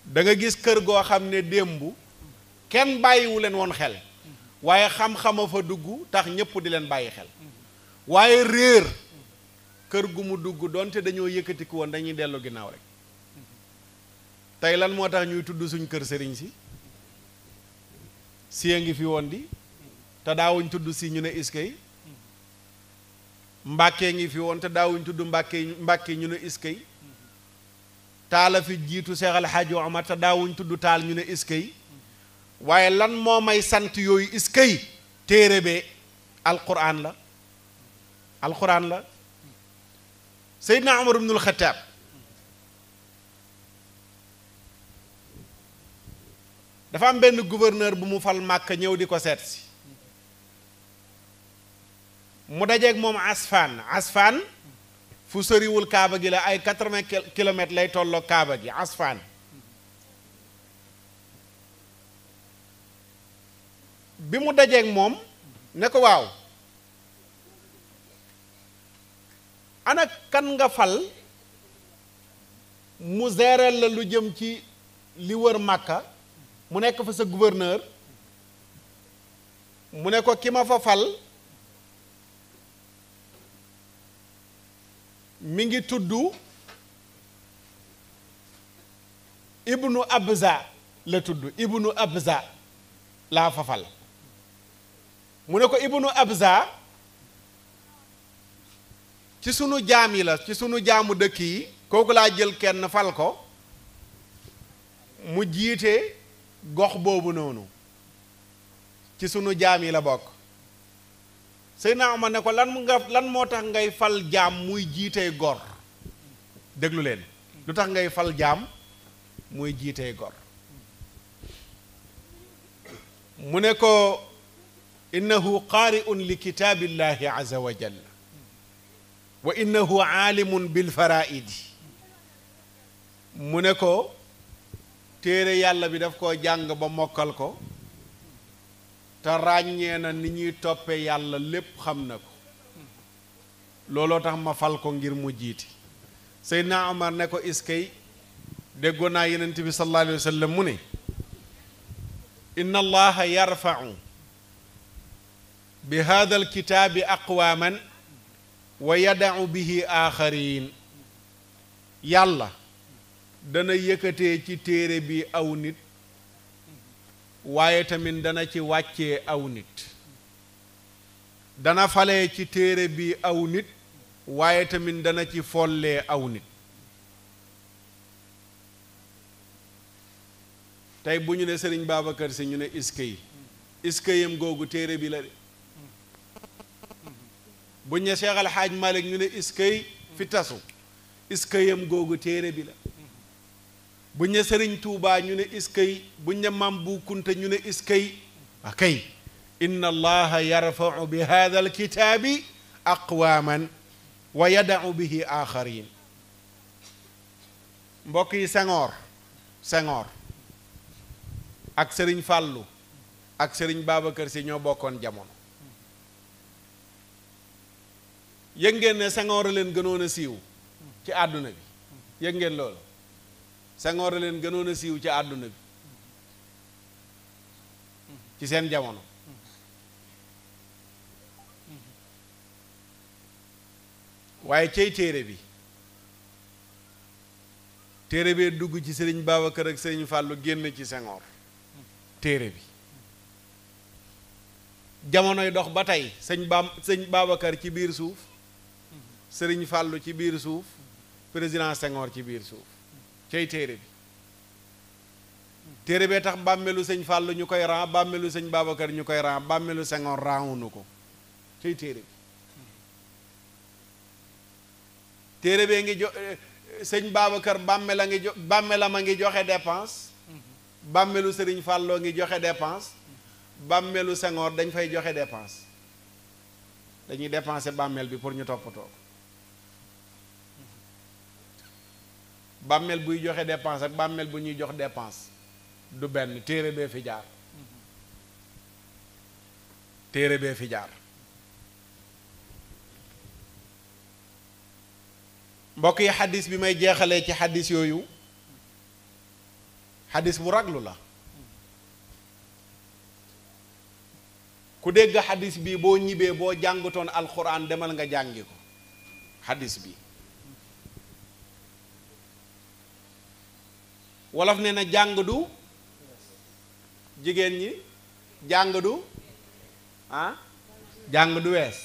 da gis kër goo xam ne démb kenn bàyyiwu leen woon xel waaye xam-xama fa dugg tax ñépp di leen bàyyi xel waaye réer kër gu mu dugg doonte dañoo yëkkatiku woon dañuy dellu ginnaaw rek tey lan moo tax ñuy tudd suñ kër sëriñ si si ngi fi woon di te daawuñ tudd si ñu ne iskay mbàkkee ngi fi woon te daawuñ tudd mbàkkee mbàkkee ñu ne iska iskay a fi jiitu Seex al Hajji te daawuñ tudd taal ñu ne iskay waaye lan moo may sant yooyu iskay téere bee alquran la alquran la Seydina Omar ibnul Xataab dafa am benn gouverneur bu mu fal màkk ñëw di ko seet mu dajeek moom asfaan asfaan fu soriwul kaaba gi la ay quatre-vingts lay tolloo kaaba gi asfaan bi mu dajeeg moom ne ko waaw ana kan nga fal mu gérer la lu jëm ci li wër màkka mu nekk fa sa gouverneur mu ne ko ki ma fa fal mi ngi tudd ibnu abza la tudd ibnu abza laa fa mu ne ko ibnu abza ci sunu jaam yi la ci sunu jaamu dëkk yi kooku laa jël kenn fal ko mu jiite gox boobu noonu ci sunu jaam yi la bokk Seydina Omar ne ko lan lan moo tax ngay fal jaam muy jiitee gor déglu leen lu tax ngay fal jaam muy jiitee gor mu ne ko innahu qaari'un li kitaabillahi azza wa jalla wa innahu aalimun bil faraa'idi mu ne ko téere yàlla bi daf koo jàng ba mokkal ko te ràññee na ni ñuy toppe yàlla lépp xam na ko looloo tax ma fal ko ngir mu jiiti Seydina Omar ne ko iskay déggoon naa yenent bi sallallahu alayhi mu ne inna allaha yarfau bi hada alkitaabi aqwaman wa yadau bihi aaxarin yàlla dana yëkkatee ci téere bi aw nit waaye tamit dana ci wàccee aw nit dana falee ci téere bi aw nit waaye tamit dana ci follee aw nit tey bu ñu ne sëriñ Babacar si ñu ne iska yi iska yam googu téere bi la de bu ñu ne Cheikh Al Hadj ñu ne iska yi fi tasu iska yam googu téere bi la bu ñu sëriñ tuubaa ñu ne iskay bu ñu ne ñu ne iskay akay ah, inna allaha yarfau bi hada alkitaabi aqwaman wa yadau bihi axarin mbokk yi sengoor sengoor ak sëriñ fàllu ak sëriñ babacar si ñoo bokkoon jamono yëg ngeen ne sengoor a leen gënoon a siiw ci àdduna bi yëg ngeen loolu Senghor leen gënoon a siiw ci àdduna bi ci seen jamono waaye cey téere bi téere bee dugg ci sëriñ Babacar ak sëriñ Fàllu génn ci Senghor téere bi jamonoy dox ba tey sëñ Ba sëñ Babacar ci biir suuf sëriñ Fàllu ci biir suuf président Senghor ci biir suuf cay téere bi téere bee tax bàmmeelu sëñ Fàllu ñu koy ran bàmmeelu sëñ Babacar ñu koy ran bàmmeelu sengoor ranwunu ko cay téere bi téere bee ngi jo sëñ Babacar bàmmeel a ngi jo bàmmeelam a ngi joxe dépense bàmmeelu sëriñ Fàlloo ngi joxe dépense bàmmeelu sengoor dañ fay joxe dépense dañuy dépenser bàmmeel bi pour ñu toppatoo ko bàmmeel buy joxe dépense ak bàmmeel bu ñuy jox dépense du benn téere bee fi jaar téere bee fi jaar mbokk yi xadis bi may jeexalee ci xaddis yooyu xadis bu raglu la ku dégg xadis bi boo ñibbee boo jàngutoon alxuraan demal nga jàngi ko xadis bi wolof nee na jàng du jigéen ñi jàng du ah jàng du wees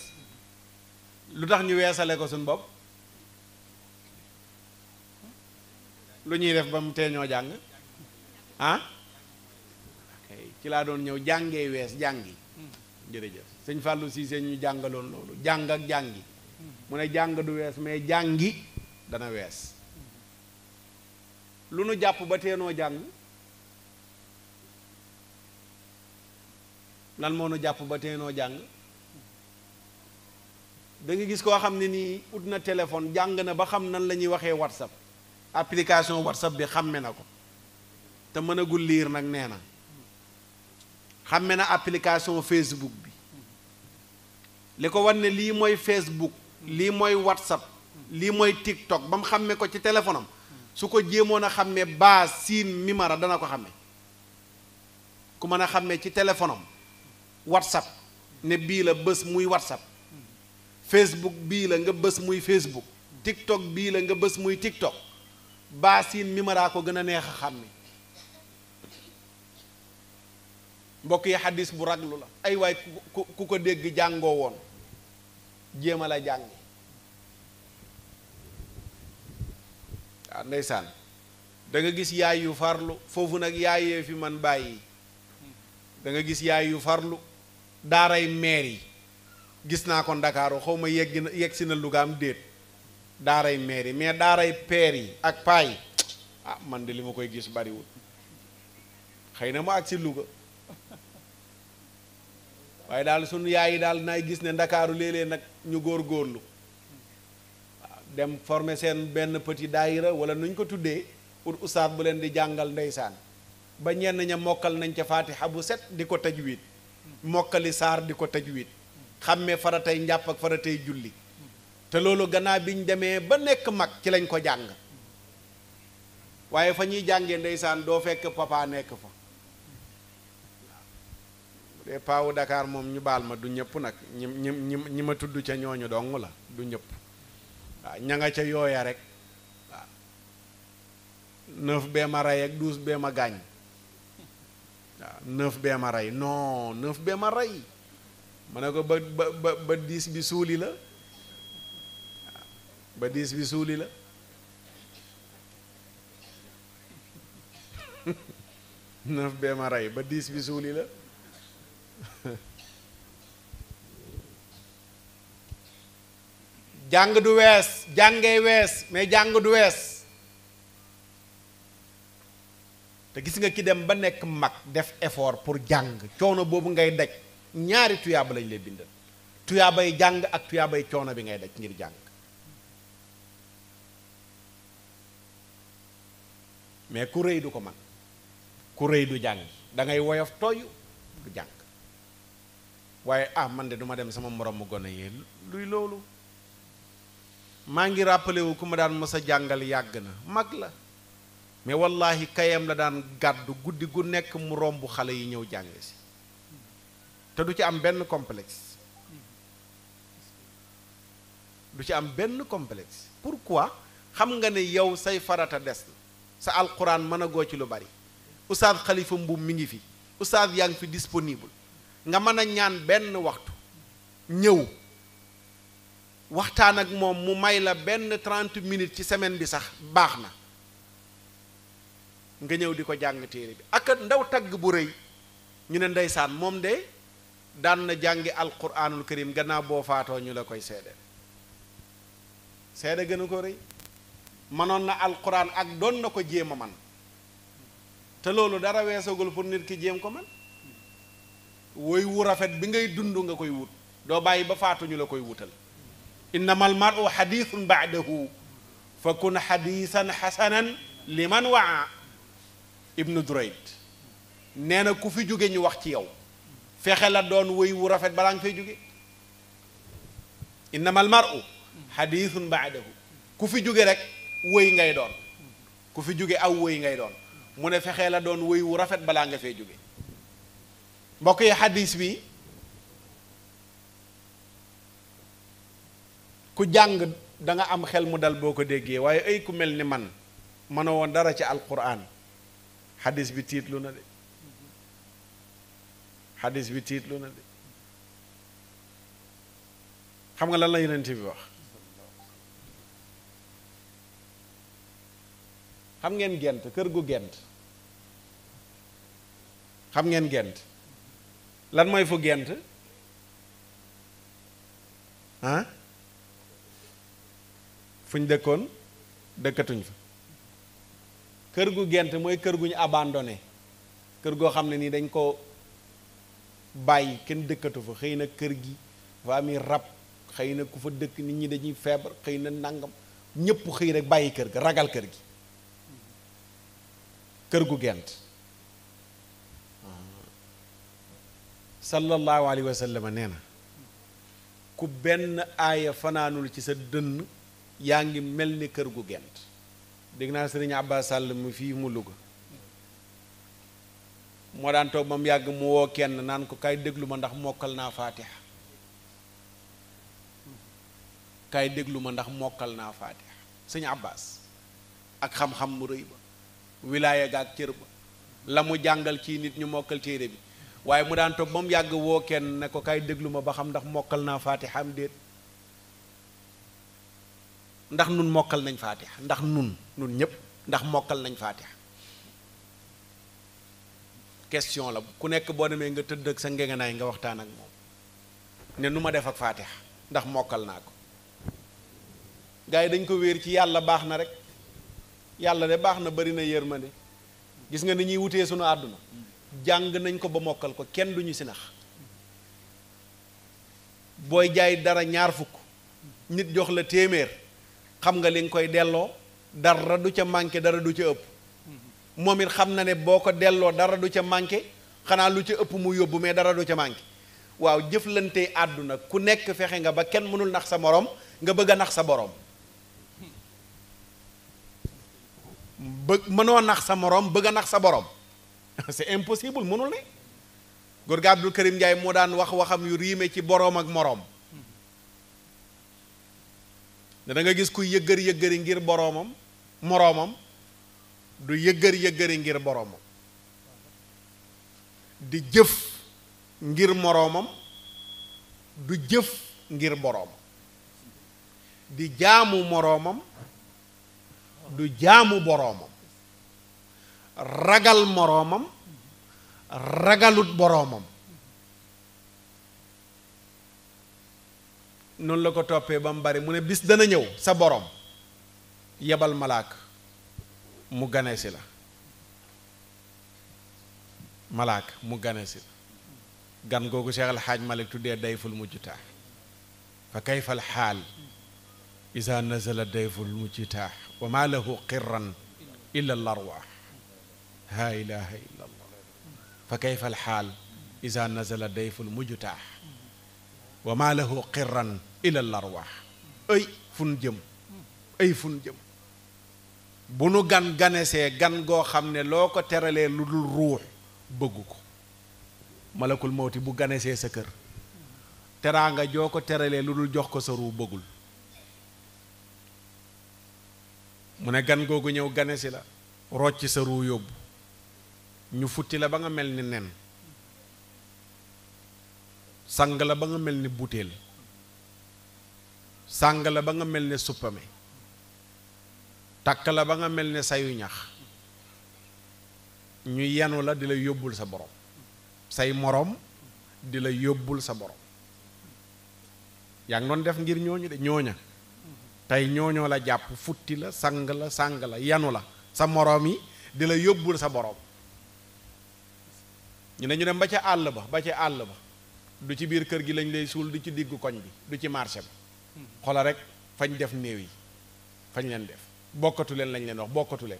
lu tax ñu weesale ko suñ bopp lu ñuy def ba mu tee ñoo jàng ah ci laa doon ñëw jàngee wees jàngi jërëjëf sëñ Fallou Cissé ñu jàngaloon loolu jàng ak jàngi mu ne jàng du wees mais jàngi dana wees lu nu jàpp ba teenoo jàng lan moo jàpp ba jàng da gis koo xam ne nii ut na téléphone jàng na ba xam nan la ñuy waxee whatsapp application whatsapp bi xàmme na ko te mënagul liir nag nee na xàmme na application facebook bi li ko wan ne lii mooy facebook lii mooy whatsapp lii mooy tiktok ba mu xàmme ko ci téléphone su ko jéemoon a xàmmee baa siin mimara dana ko xàmme ku mën a xàmmee ci téléphone am whatsapp ne bii la bés muy whatsapp facebook bii la nga bés muy facebook tiktok bii la nga bés muy tiktok baa siin mimara ko gën a neex a xàmme mbokk yi xadis bu raglu la ay waay ku ko dégg jàngoo woon jéem a la jàng ah ndeysaan da gis yaay yu farlu foofu nag yaayee fi man bàyyi da gis yaay yu farlu daaray meer yi gis naa ko ndakaaru xaw ma yegg na na lugaam déet daaray meer yi mais daaray peer yi ak paay ah man de li ma koy gis bariwul xëy na mu ak si Louga waaye daal sunu yaay daal naay gis ne ndakaaru léeg-léeg nag ñu góor góorlu dem former seen benn petit daayira wala nuñ ko tuddee ut ustaas bu leen di jàngal ndeysaan ba ñenn ña mokkal nañ ca faatiha bu set di ko tajwid mokkali saar di ko tajwid xàmmee faratay njàpp ak faratay julli te loolu gannaaw biñ demee ba nekk mag ci lañ ko jàng waaye fa ñuy jàngee ndeysaan doo fekk papa nekk fa bu dee paawu Dakar moom ñu baal ma du ñëpp nag ñi ñi ñi ma tudd ca ñooñu dong la du ñëpp waaw ña nga ca yooya rek waaw neuf bee ma rey ak douze bee ma gaañ waaw bee ma rey non neuf bee ma rey ma ne ko ba ba ba dix bi suuli la ba dix bi suuli la (laughs) neuf bee ma rey ba dix bi suuli la (laughs) jàng du wees jàngee wees mais jàng du wees te gis nga ki dem ba nekk mag def effort pour jàng coono boobu ngay daj ñaari tuyaaba lañ lay bindal tuyaabay jàng ak tuyaabay coono bi ngay daj ngir jàng mais ku rëy du ko man ku rëy du jàng dangay woyof tooyu du jàng waaye ah man de duma dem sama moroom mu gone yi luy loolu maa ngi rappelé wu ku ma daan mës a jàngal yàgg na mag la mais wallahi kayam la daan gàddu guddi gu nekk mu romb xale yi ñëw jàng si te du ci am benn complex du ci am benn complexe pourquoi xam nga ne yow say farata des na sa alquran mën a goo ci lu bari oustaz xalifa mbuum mi ngi fi oustaz yaa ngi fi disponible nga mën a ñaan benn waxtu ñëw waxtaan ak moom mu may la benn trente minutes ci semaine bi sax baax na nga ñëw di ko jàng téere bi ak ndaw tagg bu rëy ñu ne ndeysaan moom de daan na jàngi alquranul karim gannaaw boo faatoo ñu la koy seede seede gën a ko rëy mënoon na alxuraan ak doon na ko jéem a man te loolu dara weesagul pour nit ki jéem ko man woy wu rafet bi ngay dund nga koy wut doo bàyyi ba ñu la koy wutal innamal maru xadiisun baadahu fa kun xadiisan xasanan liman waa ibnu Durayd nee na ku fi jóge ñu wax ci yow fexe la doon wéy wu rafet balaa nga fay jóge innamal maru xadiisun baadahu ku fi jóge rek wéy ngay doon ku fi jóge aw wéy ngay doon mu ne fexe la doon wéy wu rafet balaa nga fay jóge mbokk yi xadiis bi ku jàng danga am xel mu dal boo ko déggee waaye ay ku mel ni man mën a woon dara ci alquran xadis bi tiit na de xadis bi tiitlu na de xam nga lan la yonent bi wax xam ngeen gent kër gu gent xam ngeen gent lan mooy fu gent ah fu ñu dëkkoon dëkkatuñ fa kër gu gent mooy kër gu ñu abandonné kër goo xam ne nii dañ ko bàyyi kenn dëkkatu fa xëy na kër gi dafa ami rab xëy na ku fa dëkk nit ñi dañuy feebar xëy na nangam ñëpp xëy rek bàyyi kër ga ragal kër gi kër gu gent sallallahu alayhi wa sallam nee na ku benn aaya fanaanul ci sa dënn yaa ngi mel ni kër gu gent dégg naa sëriñ Abba Sall mu fii mu Louga moo daan toog ba mu yàgg mu woo kenn naan ko kay déglu ma ndax mokkal naa faatiha kay déglu ma ndax mokkal naa faatiha sëñ Abbas ak xam-xam mu rëy ba wilaaya ga ak cër ba la mu jàngal ci nit ñu mokkal téere bi waaye mu daan toog ba mu yàgg woo kenn ne ko kay déglu ma ba xam ndax mokkal naa faatiha am déet ndax nun mokkal nañ faatiha ndax nun nun ñépp ndax mokkal nañ faatiha question la ku nekk boo demee nga tëdd ak sa ngegenaay nga waxtaan ak moom ne nu ma def ak faatiha ndax mokkal naa ko gars yi dañ ko wéer ci yàlla baax na rek yàlla de baax na bari na yërmande gis nga ni ñuy wutee sunu àdduna jàng nañ ko ba mokkal ko kenn duñu si nax booy jaay dara ñaar fukk nit jox la téeméer xam nga li nga koy delloo dara du ca manqué dara du ca ëpp moom it xam na ne boo ko delloo dara du ca manqué xanaa lu ca ëpp mu yóbbu mais dara du ca manqué waaw jëflante àdduna ku nekk fexe nga ba kenn mënul nax sa moroom nga bëgg a nax sa boroom bëgg mënoo nax sa moroom bëgg nax sa boroom (laughs) c'est impossible mënul ne góor ga Abdul Karim Ndiaye moo daan wax waxam yu riime ci boroom ak moroom ne nga gis kuy yëggër yëggëri ngir boroomam moroomam du yëggër yëggëri ngir boroomam di jëf ngir moroomam du jëf ngir boroomam di jaamu moroomam du jaamu boroomam ragal moroomam ragalut boroomam noonu la ko toppee ba mu bari mu ne bis dana ñëw sa borom yebal malaak mu gane la malaak mu gane la gan googu Cheikh Al Hadj Malick tuddee dayful mujjutaa fa kayfal xaal isa nazala dayful mujjutaa wa maa lahu qirran illa al arwaax laa ilaha allah fa kayfal xaal isa nazala dayful mujjutaa wa maa lahu qirran ilal larwaax ay fun jëm ay fun jëm bu nu gan ganesee gan goo xam ne loo ko teralee lu dul ruux bëgg ko malakul mawti bu ganesee sa kër teraanga joo ko teralee lu dul jox ko sa ruux bëggul mu ne gan googu ñëw ganesi la rocc sa ruux yóbbu ñu futti la ba nga mel ni nen sang la ba nga mel ni butéel sàng la ba nga mel ne suppame takk la ba nga mel ni sayu ñax ñu yenu la di la yóbbul sa borom say moroom di la yóbbul sa borom yaa ngi doon def ngir ñooñu de ñooña tey ñooñoo la jàpp futti la sang la sang la yanu la sa moroom yi di la yóbbul sa boroom ñu ne ñu dem ba ca àll ba ba ca àll ba du ci biir kër gi lañ lay suul du ci diggu koñ bi du ci marché bi xoola rek fañ def néew yi fañ leen def bokkatu leen lañ leen wax bokkatu leen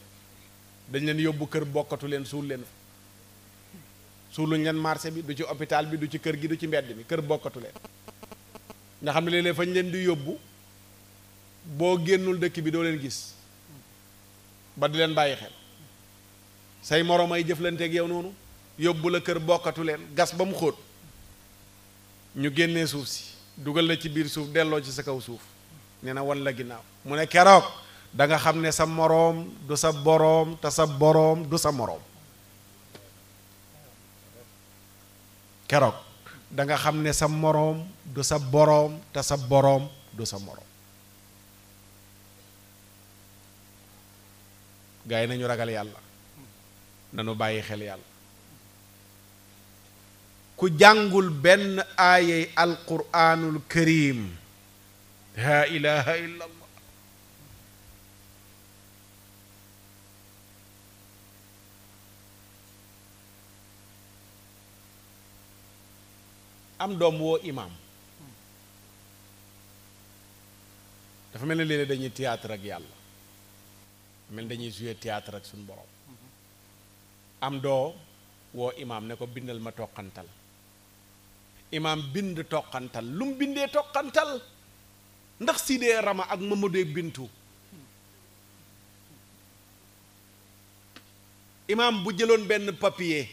dañ leen yóbbu kër bokkatu leen suul leen suuluñ leen marché bi du ci hôpital bi du ci kër gi du ci mbedd mi kër bokkatu leen nga xam ne léeg-léeg fañ leen di yóbbu boo génnul dëkk bi doo leen gis ba du leen bàyyi xel say moroom ay jëflanteeg yow noonu yóbbu la kër bokkatu leen gas ba mu xóot ñu génnee suuf si dugal na ci biir suuf delloo ci sa kaw suuf nee na wan la ginnaaw mu ne keroog danga xam ne sa moroom du sa boroom te sa boroom du sa moroom keroog da nga xam ne sa moroom du sa sa boroom du sa moroom gaa yi nañu ragal yàlla nanu bàyyi xel yàlla ku jàngul benn aayay alquraanul karim laa ilaha illa am doom woo imaam dafa mel ne léeg dañuy théâtre ak yàlla mel dañuy jouer théâtre ak suñu borom am doo woo imaam ne ko bindal ma toqantal imaam bind toqantal lu mu bindee toqantal ndax sidee rama ak mamadou bintu imaam bu jëloon benn papier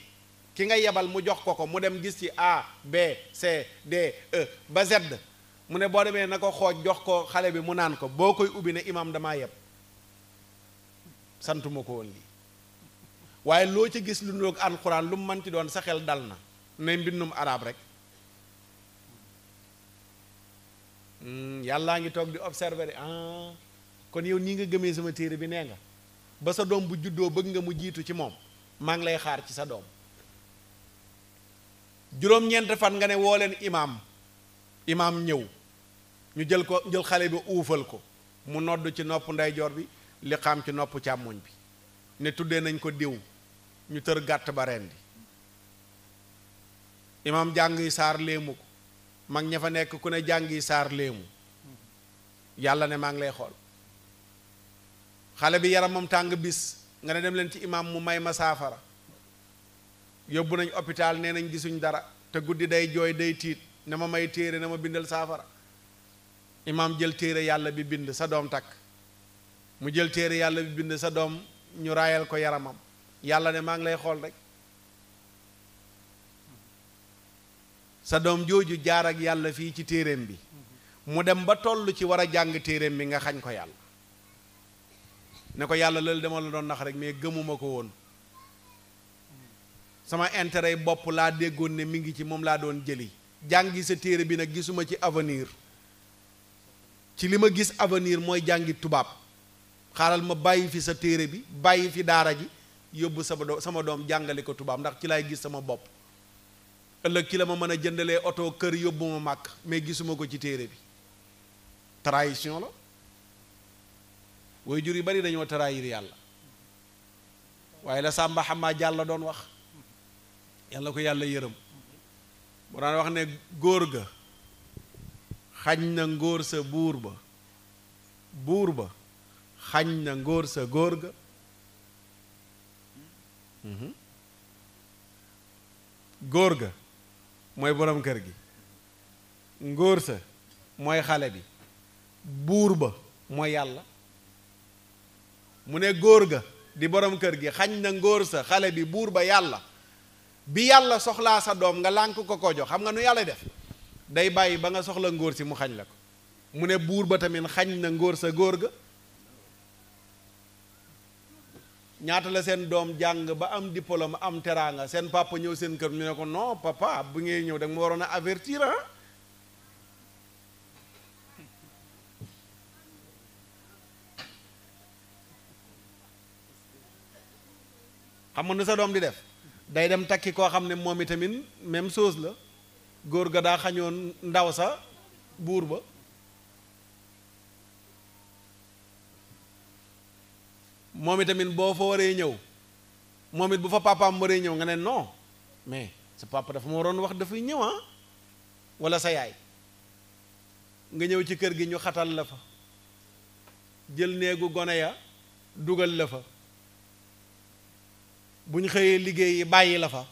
ki nga yebal mu jox ko ko mu dem gis ci a b c d e, ba z mu ne boo demee na ko xooj jox ko xale bi mu naan ko boo koy ubbi ne imaam damaa yeb santuma ko woon lii waaye loo ci gis lu nuroog alxuraan lu mu mën ci doon sa xel dal na ne mbindum arab rek Hmm, yàllaa ngi toog di observer ah kon yow nii nga gëmee sama téere bi nee nga ba sa doom bu juddoo bëgg nga mu jiitu ci moom maa ngi lay xaar ci sa doom juróom-ñeent fan nga ne woo leen imaam imaam ñëw ñu jël ko jël xale bi uufal ko mu nodd ci nopp ndeyjoor bi li xam ci nopp càmmoñ bi ne tuddee nañ ko diw ñu tër gàtt ba rendi imaam jàng saar léemu ko mag ña fa nekk ku ne jàngi saar léemu yàlla ne maa ngi lay xool xale bi yaramam tàng bis nga ne dem leen ci imaam mu may ma saafara yóbbu nañ hôpital ne nañ gisuñ dara te guddi day jooy day tiit ne ma may téere ne ma bindal saafara imaam jël téere yàlla bi bind sa doom takk mu jël téere yàlla bi bind sa doom ñu raayal ko yaramam yàlla ne maa ngi lay xool rek sa doom jooju jaar ak yàlla fii ci téeréem bi mu dem ba toll ci war a jàng téeréem bi nga xañ ko yàlla ne ko yàlla loolu dama la doon nax rek mais gëmuma ko woon sama intérêt bopp laa déggoon ne mi ngi ci moom laa doon jëli jàngi sa téere bi nag gisuma ci avenir ci li ma gis avenir mooy jàngi tubaab xaaral ma bàyyi fi sa téere bi bàyyi fi daara ji yóbbu sama doom sama doom jàngale ko tubaab ndax ci laay gis sama bopp ëllëg ki la ma mën a jëndalee otoo kër yóbbu ma màkk mais gisuma ko ci téere bi trahison la woy jur yi bari dañoo trahir yàlla waaye la Samba Xamaa la doon wax yàlla ko yàlla yërëm mu daan wax ne góor ga xañ na ngóor sa buur ba buur ba xañ na ngóor sa góor ga mhm. góor ga mooy borom kër gi ngóor sa mooy xale bi buur ba mooy yàlla mu ne góor ga di borom kër gi xañ na ngóor sa xale bi buur ba yàlla bi yàlla soxlaa sa doom nga lànk ko ko jox xam nga nu yàlla def day bàyyi ba nga soxla ngóor si mu xañ la ko mu ne buur ba tamit xañ na ngóor sa góor ga ñaata la seen doom jàng ba am ma am teraanga seen papa ñëw seen kër ñu ne ko non papa bu ngay ñëw da nga ma waroon a avertir ah xam nga nu sa doom di def day dem takki koo xam ne moom itamit même soos la góor ga daa xañoon ndaw sa buur ba moom itamit boo fa waree ñëw moom it bu fa papaam waree ñëw nga ne non mais sa papa dafa ma waroon wax dafay ñëw ah wala sa yaay nga ñëw ci kër gi ñu xatal la fa jël néegu gone ya dugal la fa bu ñu xëyee liggéey yi bàyyi la fa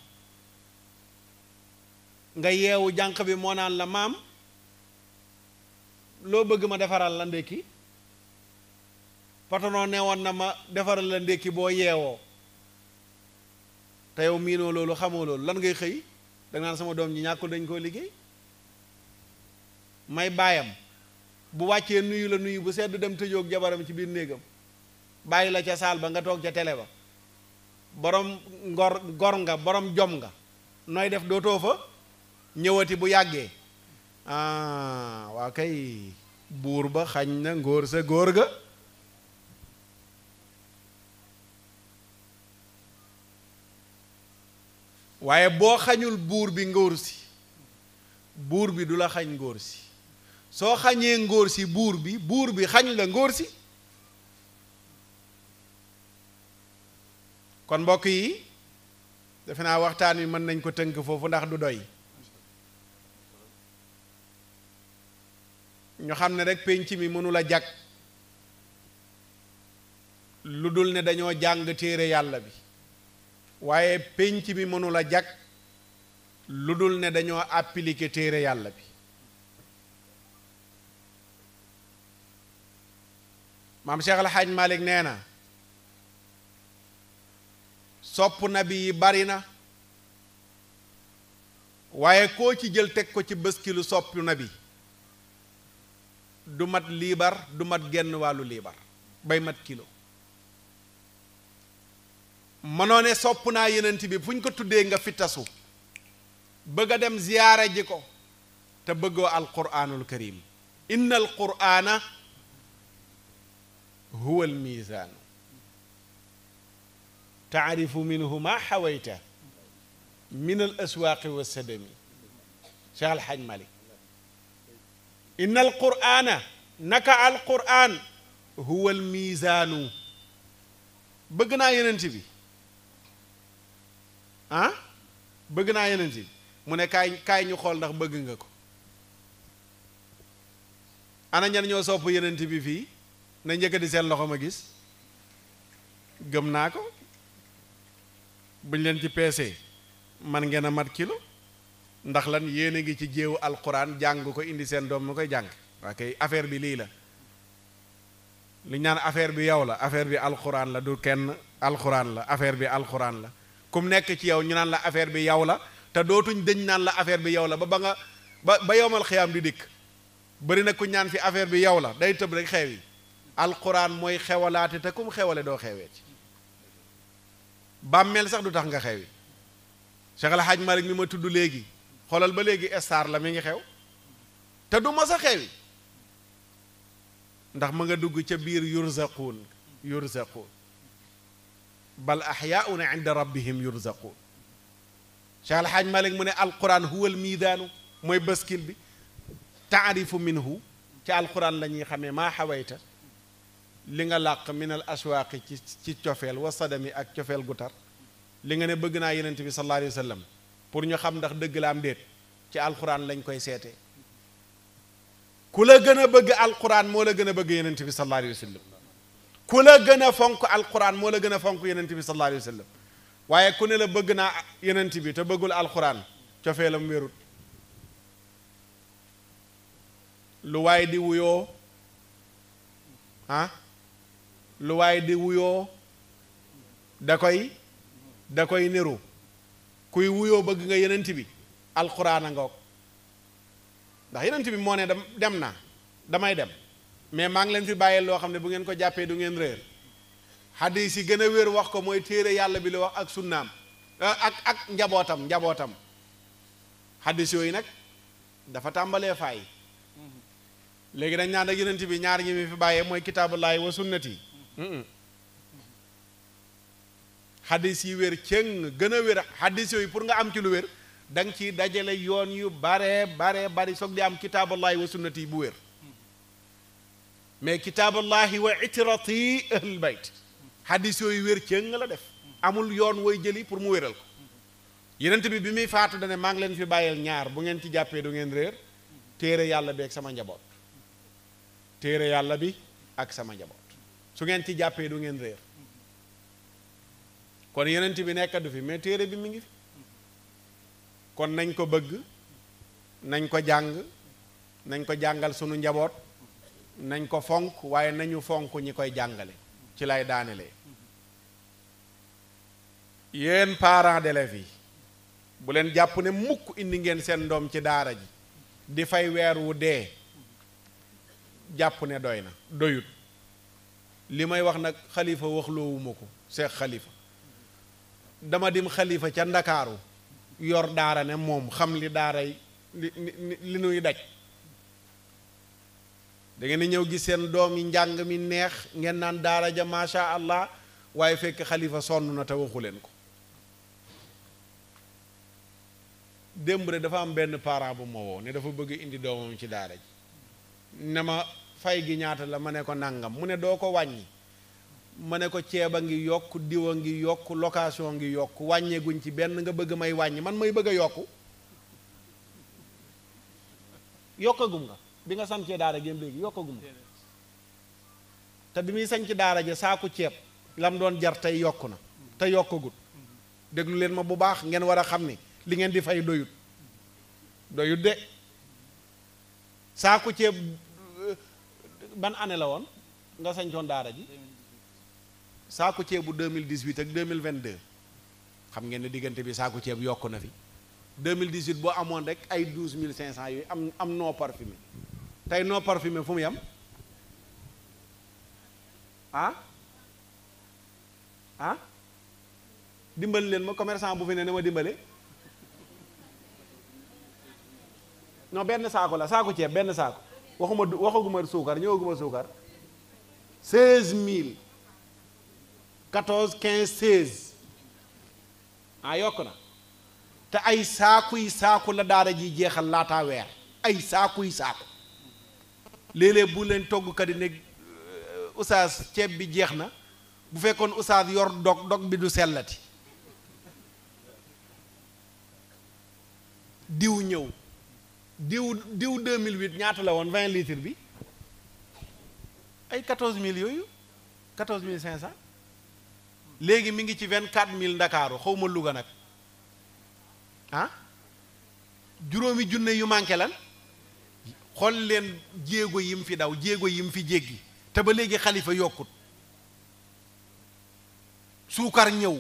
nga yeewu jànq bi moo naan la maam loo bëgg ma defaral la ndekki patron nee woon na ma defaral la ndékki boo yeewoo te yow miinoo loolu xamoo loolu lan ngay xëy danga naan sama doom ji ñàkkul dañ koo liggéey may baayam bu wàccee nuyu la nuyu bu sedd dem tëjoog jabaram ci biir néegam bàyyi la ca saal ba nga toog ca télé ba boroom ngor ngor nga borom jom nga nooy def dootoo fa ñëwati bu yàggee ah waa kay buur ba xañ na ngóor sa góor ga waaye boo xañul buur bi ngóor si buur bi du la xañ ngóor si soo xañee ngóor si buur bi buur bi xañ la ngóor si kon mbokk yi defe naa waxtaan wi mën nañ ko tënk foofu ndax du doy ñu xam ne rek penc mi mënul a jag lu dul ne dañoo jàng téere yàlla bi waaye pénc bi mënula jag lu dul ne dañoo appliquer téere yàlla bi maam Cheikh El Hadj nee na sopp nabi yi bari na waaye koo ci jël teg ko ci bëskilu soppu nabi du mat liibar du mat genn wàllu liibar bay mat kilo mënoo ne sopp naa yenent bi fu ko tuddee nga fi tasu bëgg dem ziyaara ji ko te bëggoo alquraanul karim inna alquraana huwa almiisaanu taarifu minhu ma xawayta min al wa sadami cheikh alxaj malik inna alquraana naka alquraan huwa almiisaanu bëgg naa yenent bi ah bëgg naa yeneen si mu ne kaay kaay ñu xool ndax bëgg nga ko ana ñan ñoo sopp yeneenti bi fii na njëkk di seen loxo ma gis gëm naa ko buñ leen ci peesee man ngeen a mat kilo ndax lan yéen a ngi ci jéewu alxuraan jàng ko indi seen doom mu koy jàng waa kay affaire bi lii la li ñaan affaire bi yow la affaire bi alxuraan la du kenn alxuraan la affaire bi alxuraan la kum nekk ci yow ñu naan la affaire bi yow la te dootuñ dëñ naan la affaire bi yow la ba ba nga ba ba yowmal di dikk bëri na ku ñaan fi affaire bi yow la day tëb rek xew yi alquran mooy xewalaate te kum xewale doo xewee ci bàmmeel sax du tax nga xew yi El Hadj Malick mi ma tudd léegi xoolal ba léegi star la mi ngi xew te du ma sa xewi ndax ma nga dugg ca biir yurzaquun yurzaquun bal axyaun inda rabbihim yurzaquun sax alxaaj malik mu ne alquran huwa almiidaanu mooy baskil bi taarifu minhu ci alquran la ñuy xamee maa xawayta li nga làq min al ci ci cofeel wa sadami ak cofeel gu tar li nga ne bëgg naa yenent bi sallallahu alayhi wa sallam pour ñu xam ndax dëgg la am déet ci alquran lañ koy seete ku la gën a bëgg alquran moo la gën a bëgg yenent bi sallallahu alayhi ku la gën a fonk alquran moo la gën a fonk yonent bi sallallahu alayhi wa waaye ku ne la bëgg naa yonent bi te bëggul alquran cofee la mu wérut lu waaye di wuyoo ah lu waaye di wuyoo da koy da koy niru kuy wuyoo bëgg nga yonent bi alquran a ngoog ndax yonent bi moo ne dem naa damay dem mais maa ngi leen fi bàyyil loo xam ne bu ngeen ko jàppee du ngeen réer xadis yi gën a wér wax ko mooy téere yàlla bi la wax ak sunnaam eh, ak ak njabootam njabootam xadis yooyu nag dafa tàmbalee faay léegi dañ naan ak yonent bi ñaar ñi mi fi bàyyee mooy kitaabullaahi wa sunnati xadis yi wér cëng gën a wér xadis yooyu pour nga am ci lu wér da nga ciy dajale yoon yu bare bare bari soog di am kitaabullaahi wa sunnati bu wér mais kitaaballahi wa itirati ahlul bayt xadis yooyu wér cëng nga la def amul yoon wooy jëli pour mu wéral ko yenent bi bi muy faatu dane maa ngi leen fi bàyyil ñaar bu ngeen ci jàppee du ngeen réer téere yàlla bi ak sama njaboot téere yàlla bi ak sama njaboot su ngeen ci jàppee du ngeen réer kon yenent bi nekkatu fi mais téere bi mu ngi kon nañ ko bëgg nañ ko jàng nañ ko jàngal sunu njaboot nañ ko fonk waaye nañu fonk ñi koy jàngale ci lay daanelee yéen parents d'élèves yi bu leen jàpp ne mukk indi ngeen seen doom ci daara ji di fay weer wu dee jàpp ne doy na doyut li may wax nag xalifa waxloowuma ko seex xalifa dama dim xalifa ca ndakaaru yor daara ne moom xam li daaray li li nuy daj dangeen ñëw gis seen doom yi njàng mi neex ngeen naan daara ja macha allah waaye fekk xalifa sonn na te waxu leen ko démb rek dafa am benn parent bu ma woo ne dafa bëgg indi doomam ci daara ji ne ma fay gi ñaata la ma ne ko nangam mu ne doo ko wàññi ma ne ko ceeba ngi yokk diwa ngi yokk location ngi yokk wàññeeguñ ci benn nga bëgg may wàññi man may bëgg a yokku yokkagum nga bi nga sancee daara géem léegi yokkaguma te bi muy sanc daara ja saaku ceeb lam doon jar tey yokku na te yokkagut déglu leen ma bu baax ngeen war a xam ni li ngeen di fay doyut doyut de saaku ceeb euh, ban année la woon nga sancoon daara ji saaku ceeb bu 2018 ak 2022 xam ngeen ne diggante bi saaku ceeb yokku na fi 2018 boo amoon rek ay 12500 yooyu am am non parfumé tey non parfumé fu mu yam ah ah dimbali leen ma commerçant bu fi ne ne ma dimbale non benn saako la saako ceeb benn saako waxuma waxaguma suukar ñëwaguma suukar seize mille quatorze quinze seize ah yokk na te ay saakuy saaku la daara ji jeexal laataa weer ay saakuy saaku léeg-léeg bu leen toggkat yi ne euh, ceeb bi jeex na bu fekkoon oustaz yor dog dog bi du sellati diw ñëw diw diw 2008 ñaata la woon 20 litres bi ay mille yooyu cinq 14500 léegi mi ngi ci mille ndakaaru xawma ma Louga nag ah juróomi junne yu manqué lan. xool leen jéego yi mu fi daw jéego yi mu fi jéggi te ba léegi xalifa yokkut suukar ñëw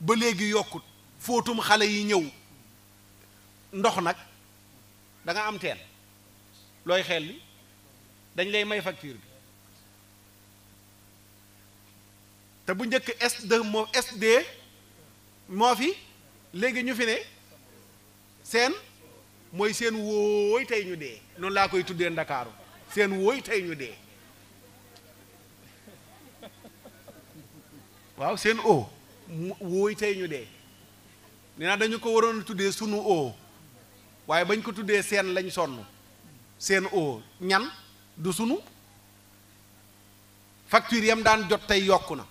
ba léegi yokkut fóotum xale yi ñëw ndox nag danga am teen looy xel li dañ lay may facture bi te bu njëkk SD SD moo fi léegi ñu fi ne seen mooy seen wooy tey ñu dee noonu laa koy tuddee ndakaaru seen wooy tey ñu dee waaw seen o wooy tey ñu dee nee naa dañu ko waroon tuddee sunu o waaye bañ ko tuddee seen lañ sonn seen o ñan du sunu facture yam daan jot tey yokku na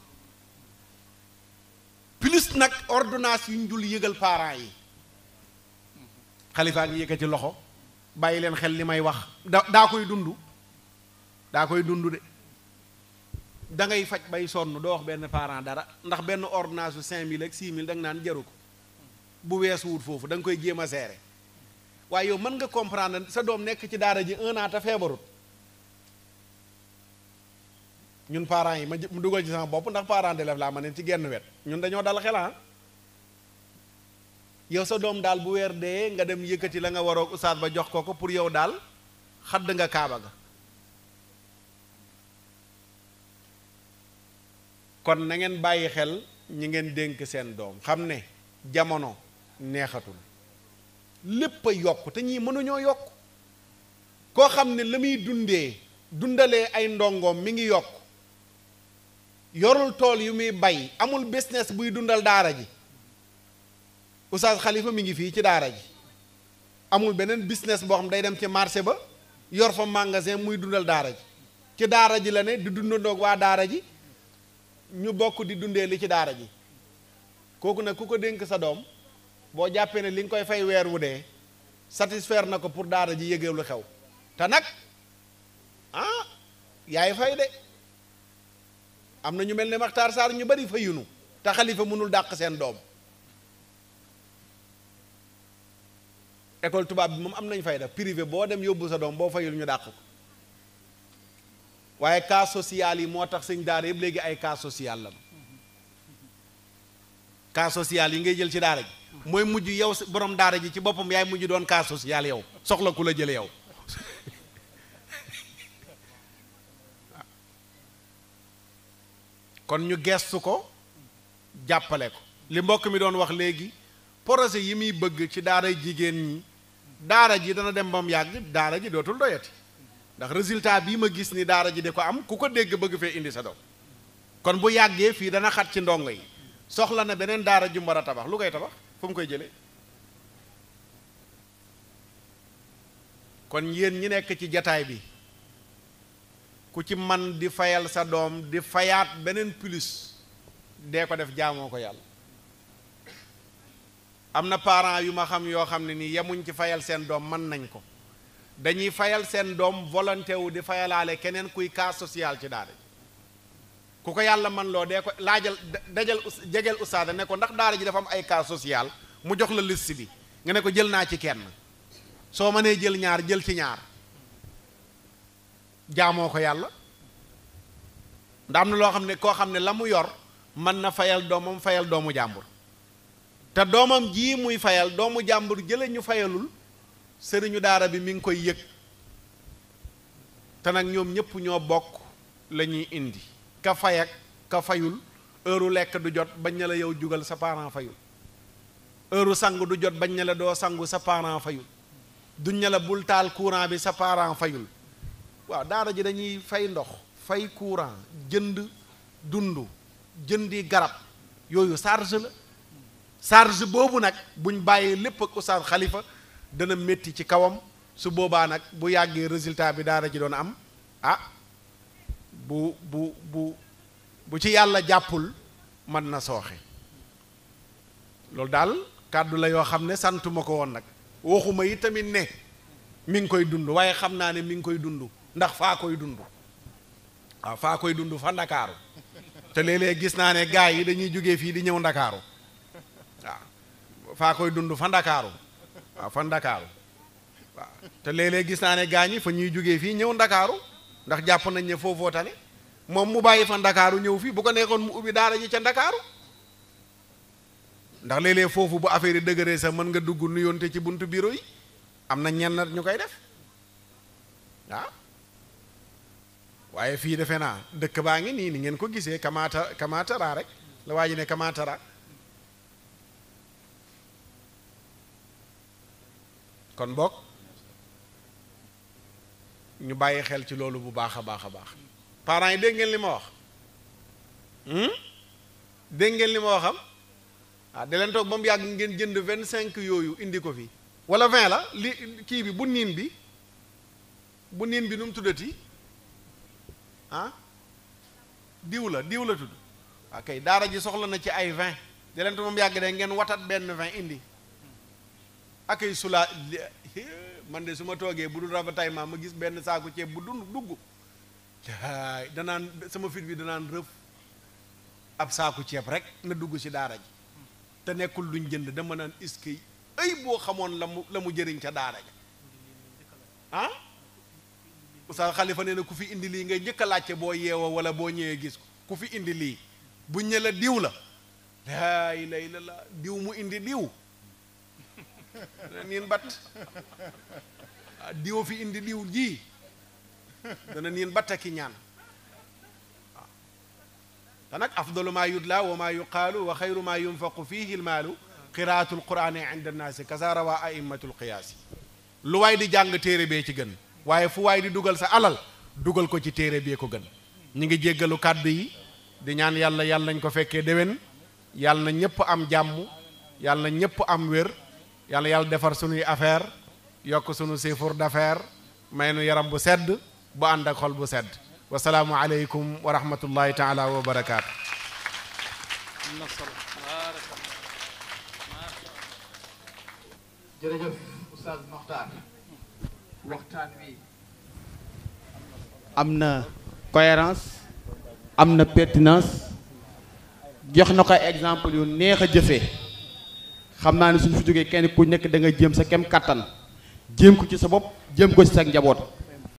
plus nag ordonnance yuñ jul yëgal parents yi xalifaa ngi ci loxo bàyyi leen xel li may wax da daa koy dund daa koy dund de da ngay faj bay sonn doo wax benn parent dara ndax benn ordonnance su cinq mille ak six mille da naan jaru ko bu weesu wut foofu danga koy jéem a seere waaye yow mën nga comprendre sa doom nekk ci daara ji un an te feebarut ñun parents yi ma dugal ci sama bopp ndax parent d'élève laa ma ne ci genn wet ñun dañoo dal xel ah. yow sa doom daal bu weer dee nga dem yëkkati la nga waroog ustaas ba jox ko ko pour yow daal xadd nga kaaba ga kon na ngeen bàyyi xel ñi ngeen dénk seen doom xam ne jamono neexatul lépp a yokk te ñii mënuñoo yokk koo xam ne li muy dundee dundalee ay ndongoom mi ngi yokk yorul tool yu muy bay amul business buy dundal daara ji oustaz xalifa mi ngi fii ci daara ji amul beneen business boo xam day dem ci marché ba yor fa magasin muy dundal daara ji ci daara ji la ne di dundandoog waa daara ji ñu bokk di dundee li ci daara ji kooku nag ku ko dénk sa doom boo jàppee ne li nga koy fay weer wu dee satisfaire na ko pour daara ji yëgee lu xew te nag ah yaay fay de am na ñu mel ne Maxtaar Sarr ñu bari fayunu te xalifa mënul dàq seen doom école tubaab bi moom am nañ fayda privé boo dem yóbbu sa doom boo fayul ñu dàq ko waaye cas social yi moo tax sëñ daara yëpp léegi ay cas social la cas social yi ngay jël ci daara ji mooy mujj yow borom daara ji ci boppam yaay mujj doon cas social yow soxla ku la jël yow (laughs) kon ñu geestu ko jàppale ko li mbokk mi doon wax léegi porosé yi muy bëgg ci daara jigéen ñi daara ji dana dem ba mu yàgg daara ji dootul doyati ndax résultat bii ma gis ni daara ji de ko am ku ko dégg bëgg fee indi sa doom kon bu yàggee fii dana xat ci ndongo yi soxla na beneen daara ju mu a tabax lu koy tabax fu mu koy jëlee kon yéen ñi nekk ci jataay bi ku ci man di fayal sa doom di fayaat beneen plus dee ko def jaamoo ko yàlla am na parent yu ma xam yoo xam ne nii yemuñ ci fayal seen doom mën nañ ko dañuy fayal seen doom volonté wu di fayalaale keneen kuy cas social ci daara ji ku ko yàlla man loo dee ko laajal dajal jegeel ustaada ne ko ndax daara ji dafa am ay cas social mu jox la liste bi nga ne ko jël naa ci kenn soo mënee jël ñaar jël ci ñaar jaamoo ko yàlla ndax am na loo xam ne koo xam ne la mu yor mën na fayal doomam fayal doomu jàmbur te doomam jii muy fayal doomu jàmbur jële ñu fayalul sëriñu daara bi mi ngi koy yëg te nag ñoom ñëpp ñoo bokk la ñuy indi ka fay ak ka fayul heure lekk du jot bañ la yow jugal sa parent fayul heure sangu du jot bañ ne la doo sangu sa parent fayul duñ ne la bul taal courant bi sa parent fayul waaw daara ji dañuy fay ndox fay courant jënd dund jëndi garab yooyu charge la charge boobu nag buñ bàyyee lépp ak oustaz xalifa dana métti ci kawam su boobaa nag bu yàggee résultat bi daara ji doon am ah bu bu bu bu ci yàlla jàppul mën na sooxe loolu daal kàddu la yoo xam ne santuma ko woon nag waxuma yi tamit ne mi ngi koy dund waaye xam naa ne mi ngi koy dund ndax faa koy dund waaw ah, faa koy dund fa ndakaaru te léeg gis naa ne gaay yi dañuy jógee fii di ñëw ndakaaru faa koy dund fa ndakaaru waaw fa ndakaaru waaw te léeg gis naa ne gaañi fa ñuy jógee fii ñëw ndakaaru ndax jàpp nañ ne foofoo tane moom mu bàyyi fa ndakaaru ñëw fii bu ko nekkoon mu ubbi daara ji ca ndakaaru ndax léeg foofu bu affaire yi dëgëree sax mën nga dugg te ci buntu bureau yi am na ñenn ñu koy def waaye fii defe naa dëkk baa ngi nii ni ngeen ko gisee kamaata kamaatara rek la waa ji ne kamaatara kon boog ñu bàyyi xel ci loolu bu baax a baax a baax parent yi dégg ngeen li ma wax hmm? dégg ngeen li ma waxam ah da leen ba mu yàgg ngeen jënd vingt cinq yooyu indi ko fi wala vingt la li kii bi bu niin bi bu niin bi nu mu tuddati ah diw la diw la tudd waaw kay daara ji soxla na ci ay vingt da leen toog ba mu yàgg de ngeen watat benn vingt indi akay sulaa man de su ma toogee bu dul ravitaillement ma gis benn saaku ceeb bu dund dugg aay danaan sama fit bi danaan rëf ab saaku ceeb rek na dugg si daara ji te nekkul luñ jënd ma naan iskay ay boo xamoon la mu la mu jëriñ ca daara ja ah Oustaz Xalifa nee na ku fi indi lii ngay njëkk a laajte boo yeewoo wala boo ñëwee gis ko ku fi indi lii buñ ne la diw la laa ilaaha diw mu indi diw dana niin batt ah, diwo fi indi diw ji dana niin batt ki ñaan waaw ah. te nag afdalu maa yudla wa maa yuqaalu wa xayru maa yunfaqu fihi lmaalu qiraatu lquraani inda nnaasi kasa rawa a'immatu lu waay di jàng téere bee ci gën waaye fu waay di dugal sa alal dugal ko ci téere bee ko gën ñu ngi jéggalu kàddu yi di ñaan yàlla yàlla nañ ko fekkee déwén yàlla na ñëpp am jàmm yàlla na ñëpp am wér yàlla yàlla defar sunuy affaire yokk sunu chiffre d'affaires may nu yaram bu sedd bu ànd ak xol bu sedd wasalaamu aleykum wa rahmatullahi taala am na cohérence am na pertinence jox na koy exemple yu neex a jëfee xam naa ne suñu fi jógee kenn ku nekk da nga jéem sa kem kattan jéem ko ci sa bopp jéem ko ci sa njaboot